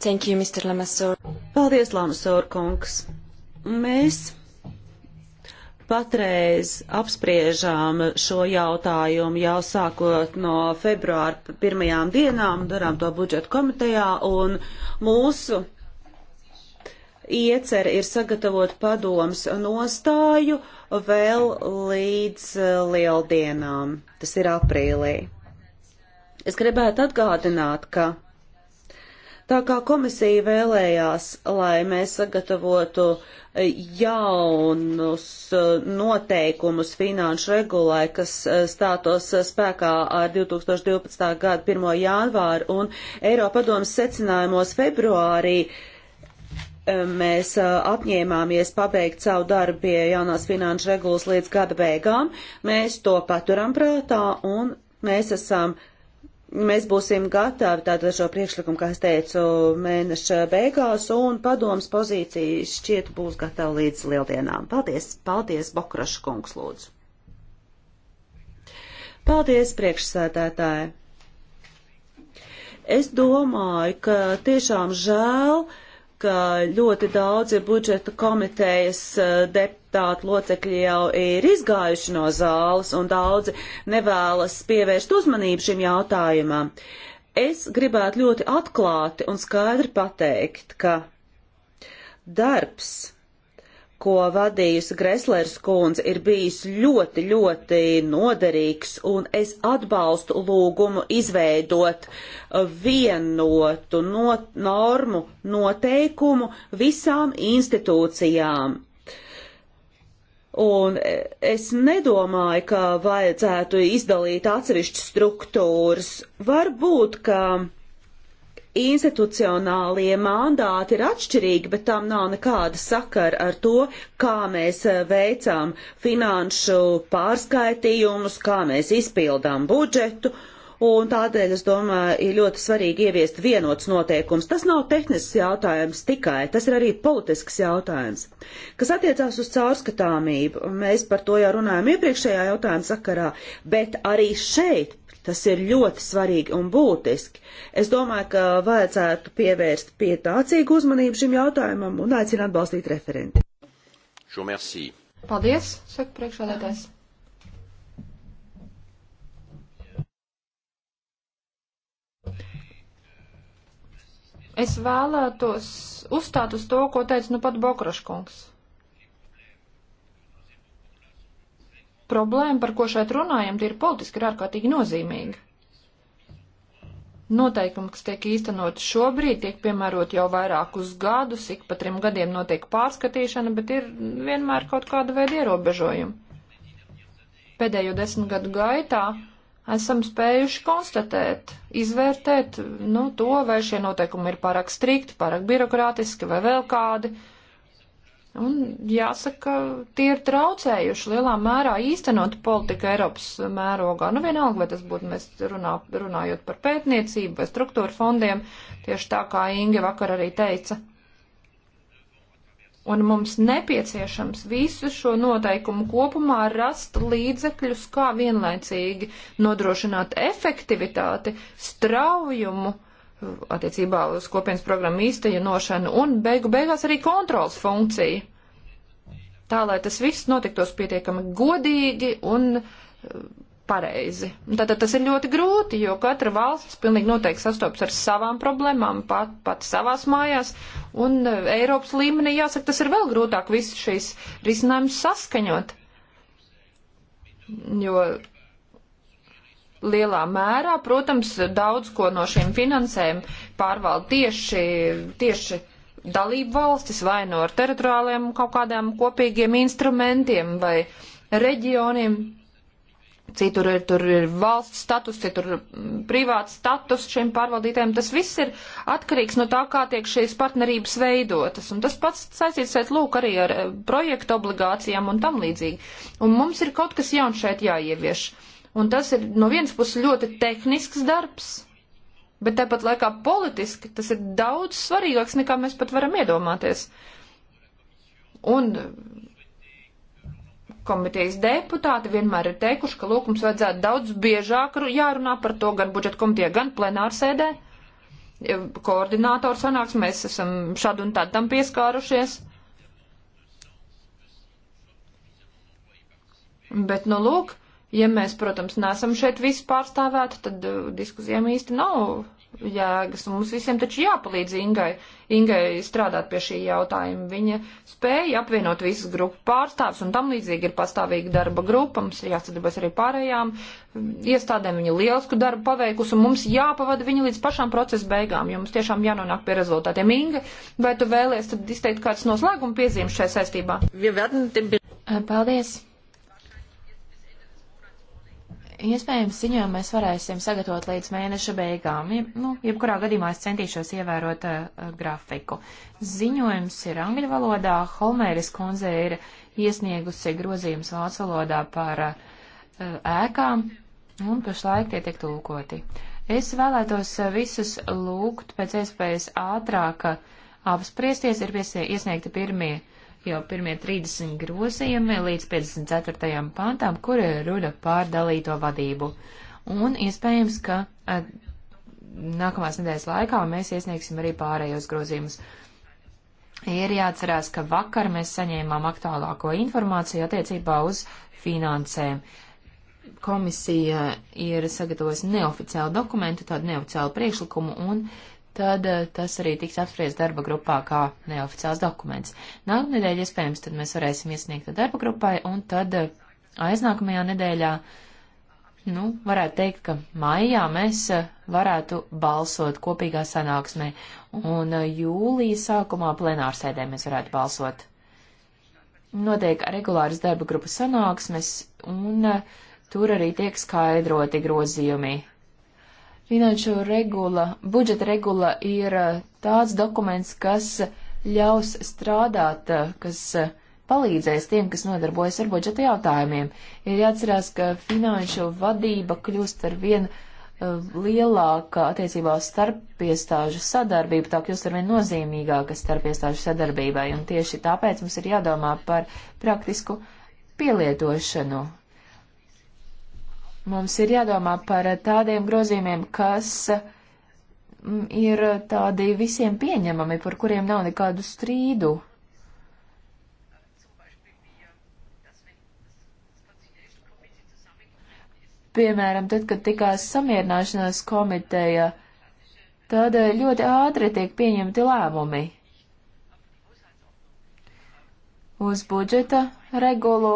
Thank you, Mr. Lamasor. Paldies, Lamasor kungs. Mēs Patreiz apspriežām šo jautājumu jau sākot no februāra pirmajām dienām, darām to budžeta komitejā, un mūsu iecer ir sagatavot padoms nostāju vēl līdz lieldienām, tas ir aprīlī. Es gribētu atgādināt, ka tā kā komisija vēlējās, lai mēs sagatavotu uh, jaunus eh, noteikumus finanšu regulē, kas eh, stātos eh, spēkā ar 2012. gada 1. janvāru un Eiropadomas secinājumos februārī. Mēs apņēmāmies pabeigt savu darbu pie jaunās finanšu regulas līdz gada beigām. Mēs to paturam prātā un mēs esam uh, mēs būsim gatavi tātad šo priekšlikumu, kā es teicu, mēneša beigās, un padomas pozīcija šķiet būs gatava līdz lieldienām. Paldies, paldies, Bokraša kungs, lūdzu. Paldies, priekšsēdētāji. Es domāju, ka tiešām žēl, uh, ka ļoti daudzi budžeta komitejas eh, deputāti locekļi jau ir izgājuši no zāles un daudzi nevēlas pievērst uzmanību šim jautājumam. Es gribētu ļoti atklāti un skaidri pateikt, ka darbs ko vadījusi Greslers kundze, ir bijis ļoti, ļoti noderīgs, un es atbalstu lūgumu izveidot vienotu no, normu noteikumu visām institūcijām. Un es nedomāju, ka vajadzētu izdalīt atsevišķas struktūras. Varbūt, ka institucionālie mandāti ir atšķirīgi, bet tam nav nekāda sakara ar to, kā mēs eh, veicām finanšu pārskaitījumus, kā mēs izpildām budžetu. Un tādēļ, es domāju, ir ļoti svarīgi ieviest vienots noteikums. Tas nav tehnisks jautājums tikai, tas ir arī politisks jautājums. Kas attiecās uz caurskatāmību, mēs par to jau runājam iepriekšējā jautājuma sakarā, bet arī šeit Tas ir ļoti svarīgi un būtiski. Es domāju, ka vajadzētu pievērst pietācīgu uzmanību šim jautājumam un aicinu atbalstīt referenti. Paldies, saka priekšādātājs. Es vēlētos uzstāt uz to, ko teica nu pat Bokraškungs. problēma, par ko šeit runājam, tie ir politiski ir ārkārtīgi nozīmīgi. Noteikumi, kas tiek īstenot šobrīd, tiek piemērot jau vairākus gadus, ik pa trim gadiem notiek pārskatīšana, bet ir vienmēr kaut kāda veida ierobežojumi. Pēdējo desmit gadu gaitā esam spējuši konstatēt, izvērtēt, nu, to, vai šie noteikumi ir pārāk strikti, pārāk birokrātiski vai vēl kādi. Uh, Un jāsaka, tie ir traucējuši lielā mērā īstenot politiku Eiropas mērogā. Nu, vienalga, vai tas būtu mēs runā, runājot par pētniecību vai struktūra fondiem, tieši tā kā Inga vakar arī teica. Un mums nepieciešams visu šo noteikumu kopumā rast līdzekļus, kā vienlaicīgi nodrošināt efektivitāti, straujumu, uh, attiecībā uz kopienas programmu īstenošanu un beigu beigās arī kontrols funkciju. Tā, lai tas viss notiktos pietiekami godīgi un uh, pareizi. Tātad tas ir ļoti grūti, jo katra valsts pilnīgi noteikti sastopas ar savām problēmām, pat, pat savās mājās, un uh, Eiropas līmenī, jāsaka, tas ir vēl grūtāk visu šīs risinājumus saskaņot. Jo lielā mērā. Protams, daudz ko no šiem finansēm pārvalda tieši, tieši dalību valstis vai no ar teritoriāliem kaut kādām kopīgiem instrumentiem vai reģioniem. Citur ir, tur ir valsts status, citur ir privāts status šiem pārvaldītājiem. Tas viss ir atkarīgs no tā, kā tiek šīs partnerības veidotas. Un tas pats saistīts, lūk, arī ar eh, projektu obligācijām un tam līdzīgi. Un mums ir kaut kas jauns šeit jāievieš. Uh, Un tas ir no vienas puses ļoti tehnisks darbs, bet tāpat laikā politiski tas ir daudz svarīgāks, nekā mēs pat varam iedomāties. Un komitejas deputāti vienmēr ir teikuši, ka lūk, mums vajadzētu daudz biežāk jārunā par to gan budžeta komitejā, gan plenārsēdē. Koordinātors sanāks, mēs esam šad un tad tam pieskārušies. Bet, nu, lūk, Ja mēs, protams, nesam šeit visi pārstāvēti, tad uh, diskusijām īsti nav jēgas. Mums visiem taču jāpalīdz Ingai, Ingai strādāt pie šī jautājuma. Viņa spēja apvienot visas grupu pārstāvs un tam līdzīgi ir pastāvīga darba grupa. Mums ir jāsadarbojas arī pārējām um, iestādēm. Viņa lielisku darbu paveikusi un mums jāpavada viņa līdz pašām procesa beigām, jo mums tiešām jānonāk pie rezultātiem. Inga, vai tu vēlies tad izteikt kāds noslēguma piezīmes šajā saistībā? Paldies! Iespējams, ziņojumu mēs varēsim sagatavot līdz mēneša beigām. Ja, nu, jebkurā gadījumā es centīšos ievērot uh, grafiku. Ziņojums ir angļu valodā, Holmēris kundze ir iesniegusi grozījums vācu valodā par uh, ēkām, un pašlaik tie tiek tulkoti. Es vēlētos visus lūgt pēc iespējas ātrāk apspriesties, ir iesniegti pirmie jau pirmie 30 grozījumi līdz 54. pāntām, kur ir runa pār dalīto vadību. Un iespējams, ka at, nākamās nedēļas laikā mēs iesniegsim arī pārējos grozījumus. Ir jāatcerās, ka vakar mēs saņēmām aktuālāko informāciju attiecībā uz finansēm. Komisija ir sagatavojusi neoficiālu dokumentu, tādu neoficiālu priekšlikumu, un uh, tad eh, tas arī tiks apspriests darba grupā kā neoficiāls dokuments. Nākamnedēļ, iespējams, tad mēs varēsim iesniegt darba grupai, un tad eh, aiznākamajā nedēļā, nu, varētu teikt, ka maijā mēs eh, varētu balsot kopīgā sanāksmē, un jūlija sākumā plenārsēdē mēs varētu balsot. Notiek regulāras darba grupas sanāksmes, un tur arī tiek skaidroti grozījumi Finanšu regula, budžeta regula ir eh, tāds dokuments, kas ļaus strādāt, eh, kas eh, palīdzēs tiem, kas nodarbojas ar budžeta jautājumiem. Ir jāatcerās, ka finanšu vadība kļūst ar vien uh, lielāka attiecībā uz starpiestāžu sadarbību, tā kļūst ar vien nozīmīgāka starpiestāžu sadarbībai, un tieši tāpēc mums ir jādomā par praktisku pielietošanu Mums ir jādomā par tādiem grozījumiem, kas mm, ir tādi visiem pieņemami, par kuriem nav nekādu strīdu. Piemēram, tad, kad tikās samierināšanās komiteja, tad ļoti ātri tiek pieņemti lēmumi. Uz budžeta regulu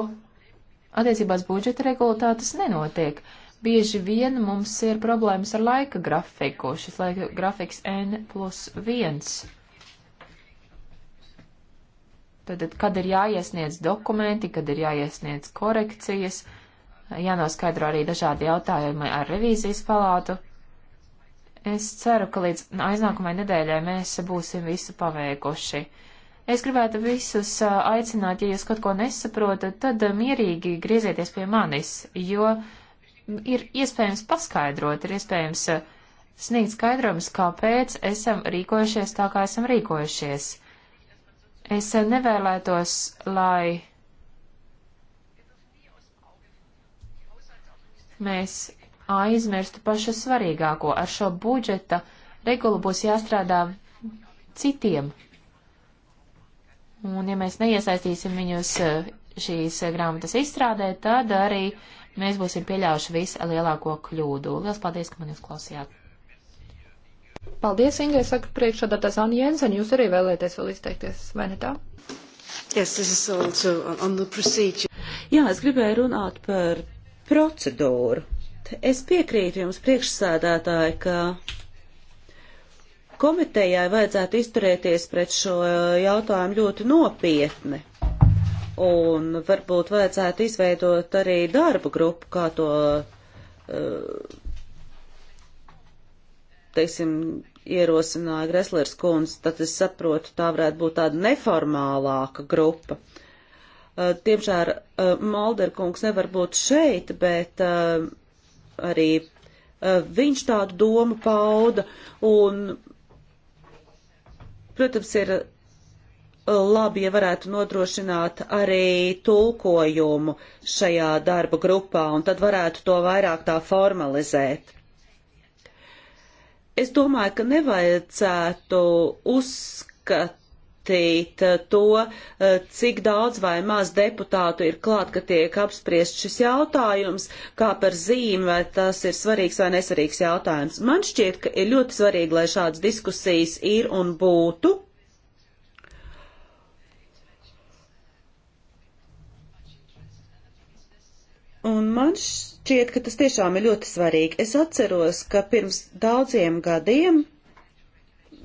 attiecībās budžeta regulātātas nenotiek. Bieži vien mums ir problēmas ar laika grafiku. Šis laika grafiks N plus 1. Tad, kad ir jāiesniedz dokumenti, kad ir jāiesniedz korekcijas, jānoskaidro arī dažādi jautājumi ar revīzijas palātu. Es ceru, ka līdz aiznākamajai nedēļai mēs būsim visu paveikuši. Es gribētu visus aicināt, ja jūs kaut ko nesaprotat, tad mierīgi griezieties pie manis, jo ir iespējams paskaidrot, ir iespējams sniegt skaidrojumus, kāpēc esam rīkojušies tā, kā esam rīkojušies. Es nevēlētos, lai mēs aizmirstu pašu svarīgāko. Ar šo budžeta regulu būs jāstrādā citiem Un ja mēs neiesaistīsim viņus eh, šīs eh, grāmatas izstrādē, tad arī mēs būsim pieļāvuši vislielāko kļūdu. Lielas paldies, ka man jūs klausījāt. Paldies, Ingai, saka priekšādātās Anna Jensen, jūs arī vēlēties vēl izteikties, vai ne tā? Yes, this is also on the procedure. Jā, es gribēju runāt par procedūru. Es piekrītu jums priekšsēdētāji, ka Komitejai vajadzētu izturēties pret šo eh, jautājumu ļoti nopietni. Un varbūt vajadzētu izveidot arī darbu grupu, kā to, eh, teiksim, ierosināja Greslers kundze, tad es saprotu, tā varētu būt tāda neformālāka grupa. Eh, Tiemžēr Malder kungs nevar būt šeit, bet arī viņš tādu domu pauda, un Protams, ir uh, labi, ja varētu nodrošināt arī tulkojumu šajā darba grupā, un tad varētu to vairāk tā formalizēt. Es domāju, ka nevajadzētu uzskatīt, izskatīt eh, to, eh, cik daudz vai maz deputātu ir klāt, ka tiek apspriest šis jautājums, kā par zīmi, vai tas ir svarīgs vai nesvarīgs jautājums. Man šķiet, ka ir ļoti svarīgi, lai šādas diskusijas ir un būtu. Un man šķiet, ka tas tiešām ir ļoti svarīgi. Es atceros, ka pirms daudziem gadiem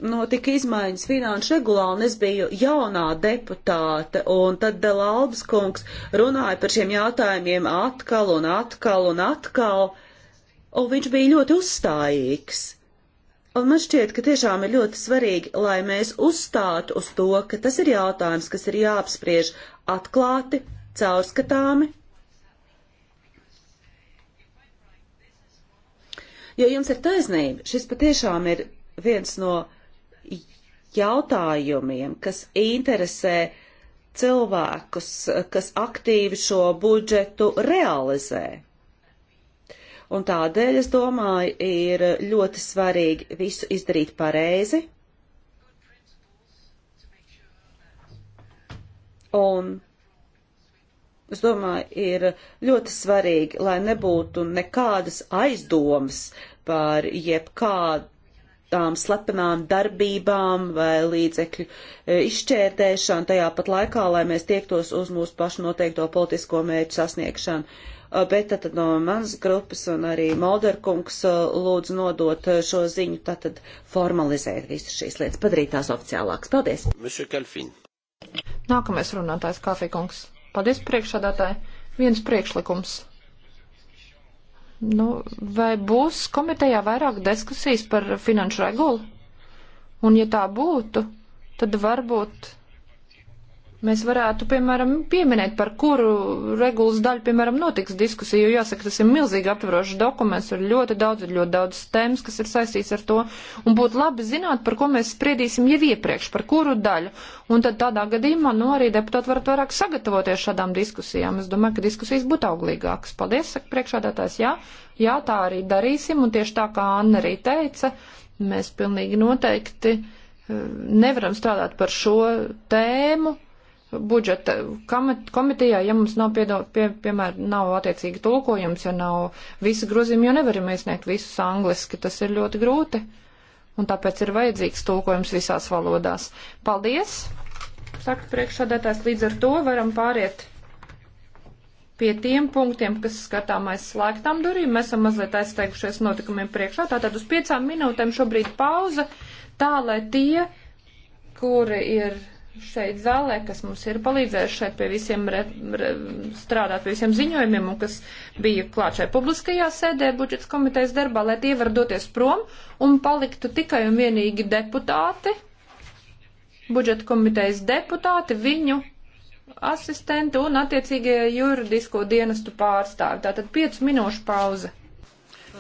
notika izmaiņas finanšu regulā, un es biju jaunā deputāte, un tad Delālbas kungs runāja par šiem jautājumiem atkal un atkal un atkal, un viņš bija ļoti uzstājīgs. Un man šķiet, ka tiešām ir ļoti svarīgi, lai mēs uzstātu uz to, ka tas ir jautājums, kas ir jāapspriež atklāti, caurskatāmi. Jo jums ir taisnība, šis patiešām ir viens no jautājumiem, kas interesē cilvēkus, kas aktīvi šo budžetu realizē. Un tādēļ, es domāju, ir ļoti svarīgi visu izdarīt pareizi un es domāju, ir ļoti svarīgi, lai nebūtu nekādas aizdomas par jebkādu tām slepenām darbībām vai līdzekļu e, izšķērtēšanu tajā pat laikā, lai mēs tiektos uz mūsu pašu noteikto politisko mērķu sasniegšanu. E, bet tad no manas grupas un arī Molderkungs e, lūdzu nodot šo ziņu, tātad formalizēt visas šīs lietas, padarīt tās oficiālākas. Paldies! Nākamais runātājs Kafīkungs. Paldies priekšādātāji! Viens priekšlikums Nu, vai būs komitejā vairāk diskusijas par finanšu regulu? Un ja tā būtu, tad varbūt Mēs varētu, piemēram, pieminēt, par kuru regulas daļu, piemēram, notiks diskusija, jo jāsaka, tas ir milzīgi aptverošs dokuments, ir ļoti daudz, ir ļoti daudz tēmas, kas ir saistīts ar to, un būtu labi zināt, par ko mēs spriedīsim jau iepriekš, par kuru daļu, un tad tādā gadījumā, nu, arī deputāti varat vairāk sagatavoties šādām diskusijām. Es domāju, ka diskusijas būtu auglīgākas. Paldies, saka priekšādātājs, jā, jā, tā arī darīsim, un tieši tā kā Anna arī teica, mēs pilnīgi noteikti eh, nevaram strādāt par šo tēmu budžeta komitejā, ja mums nav, piedo, pie, piemēram, nav attiecīgi tulkojums, ja nav visi grozījumi, jo nevaram iesniegt visus angliski, tas ir ļoti grūti. Un tāpēc ir vajadzīgs tulkojums visās valodās. Paldies! Saka priekšsādētājs, līdz ar to varam pāriet pie tiem punktiem, kas skatām aiz slēgtām durīm. Mēs esam mazliet aizsteigušies notikumiem priekšā, tātad uz piecām minūtēm šobrīd pauza, tā lai tie, kuri ir šeit zālē, kas mums ir palīdzējuši šeit pie visiem re, re, strādāt, pie visiem ziņojumiem un kas bija klāt šai publiskajā sēdē budžets komitejas darbā, lai tie var doties prom un paliktu tikai un vienīgi deputāti, budžeta komitejas deputāti, viņu asistenti un attiecīgie juridisko dienestu pārstāvi. Tātad 5 minūšu pauze.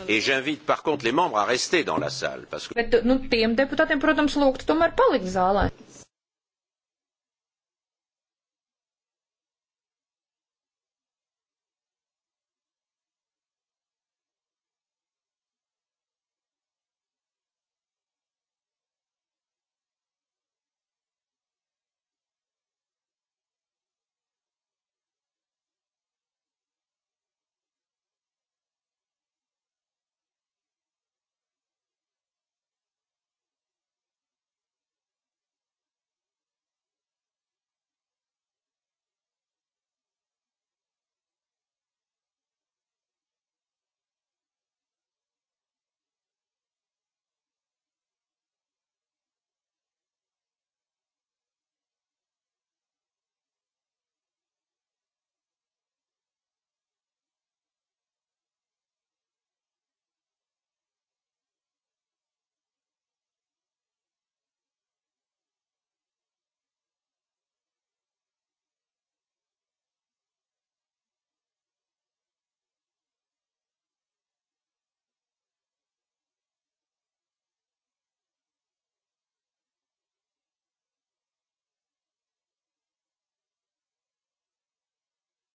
Et j'invite par contre les membres à rester dans la salle. Parce que... Bet, nu, tiem deputātiem, protams, lūgt tomēr palikt zālē.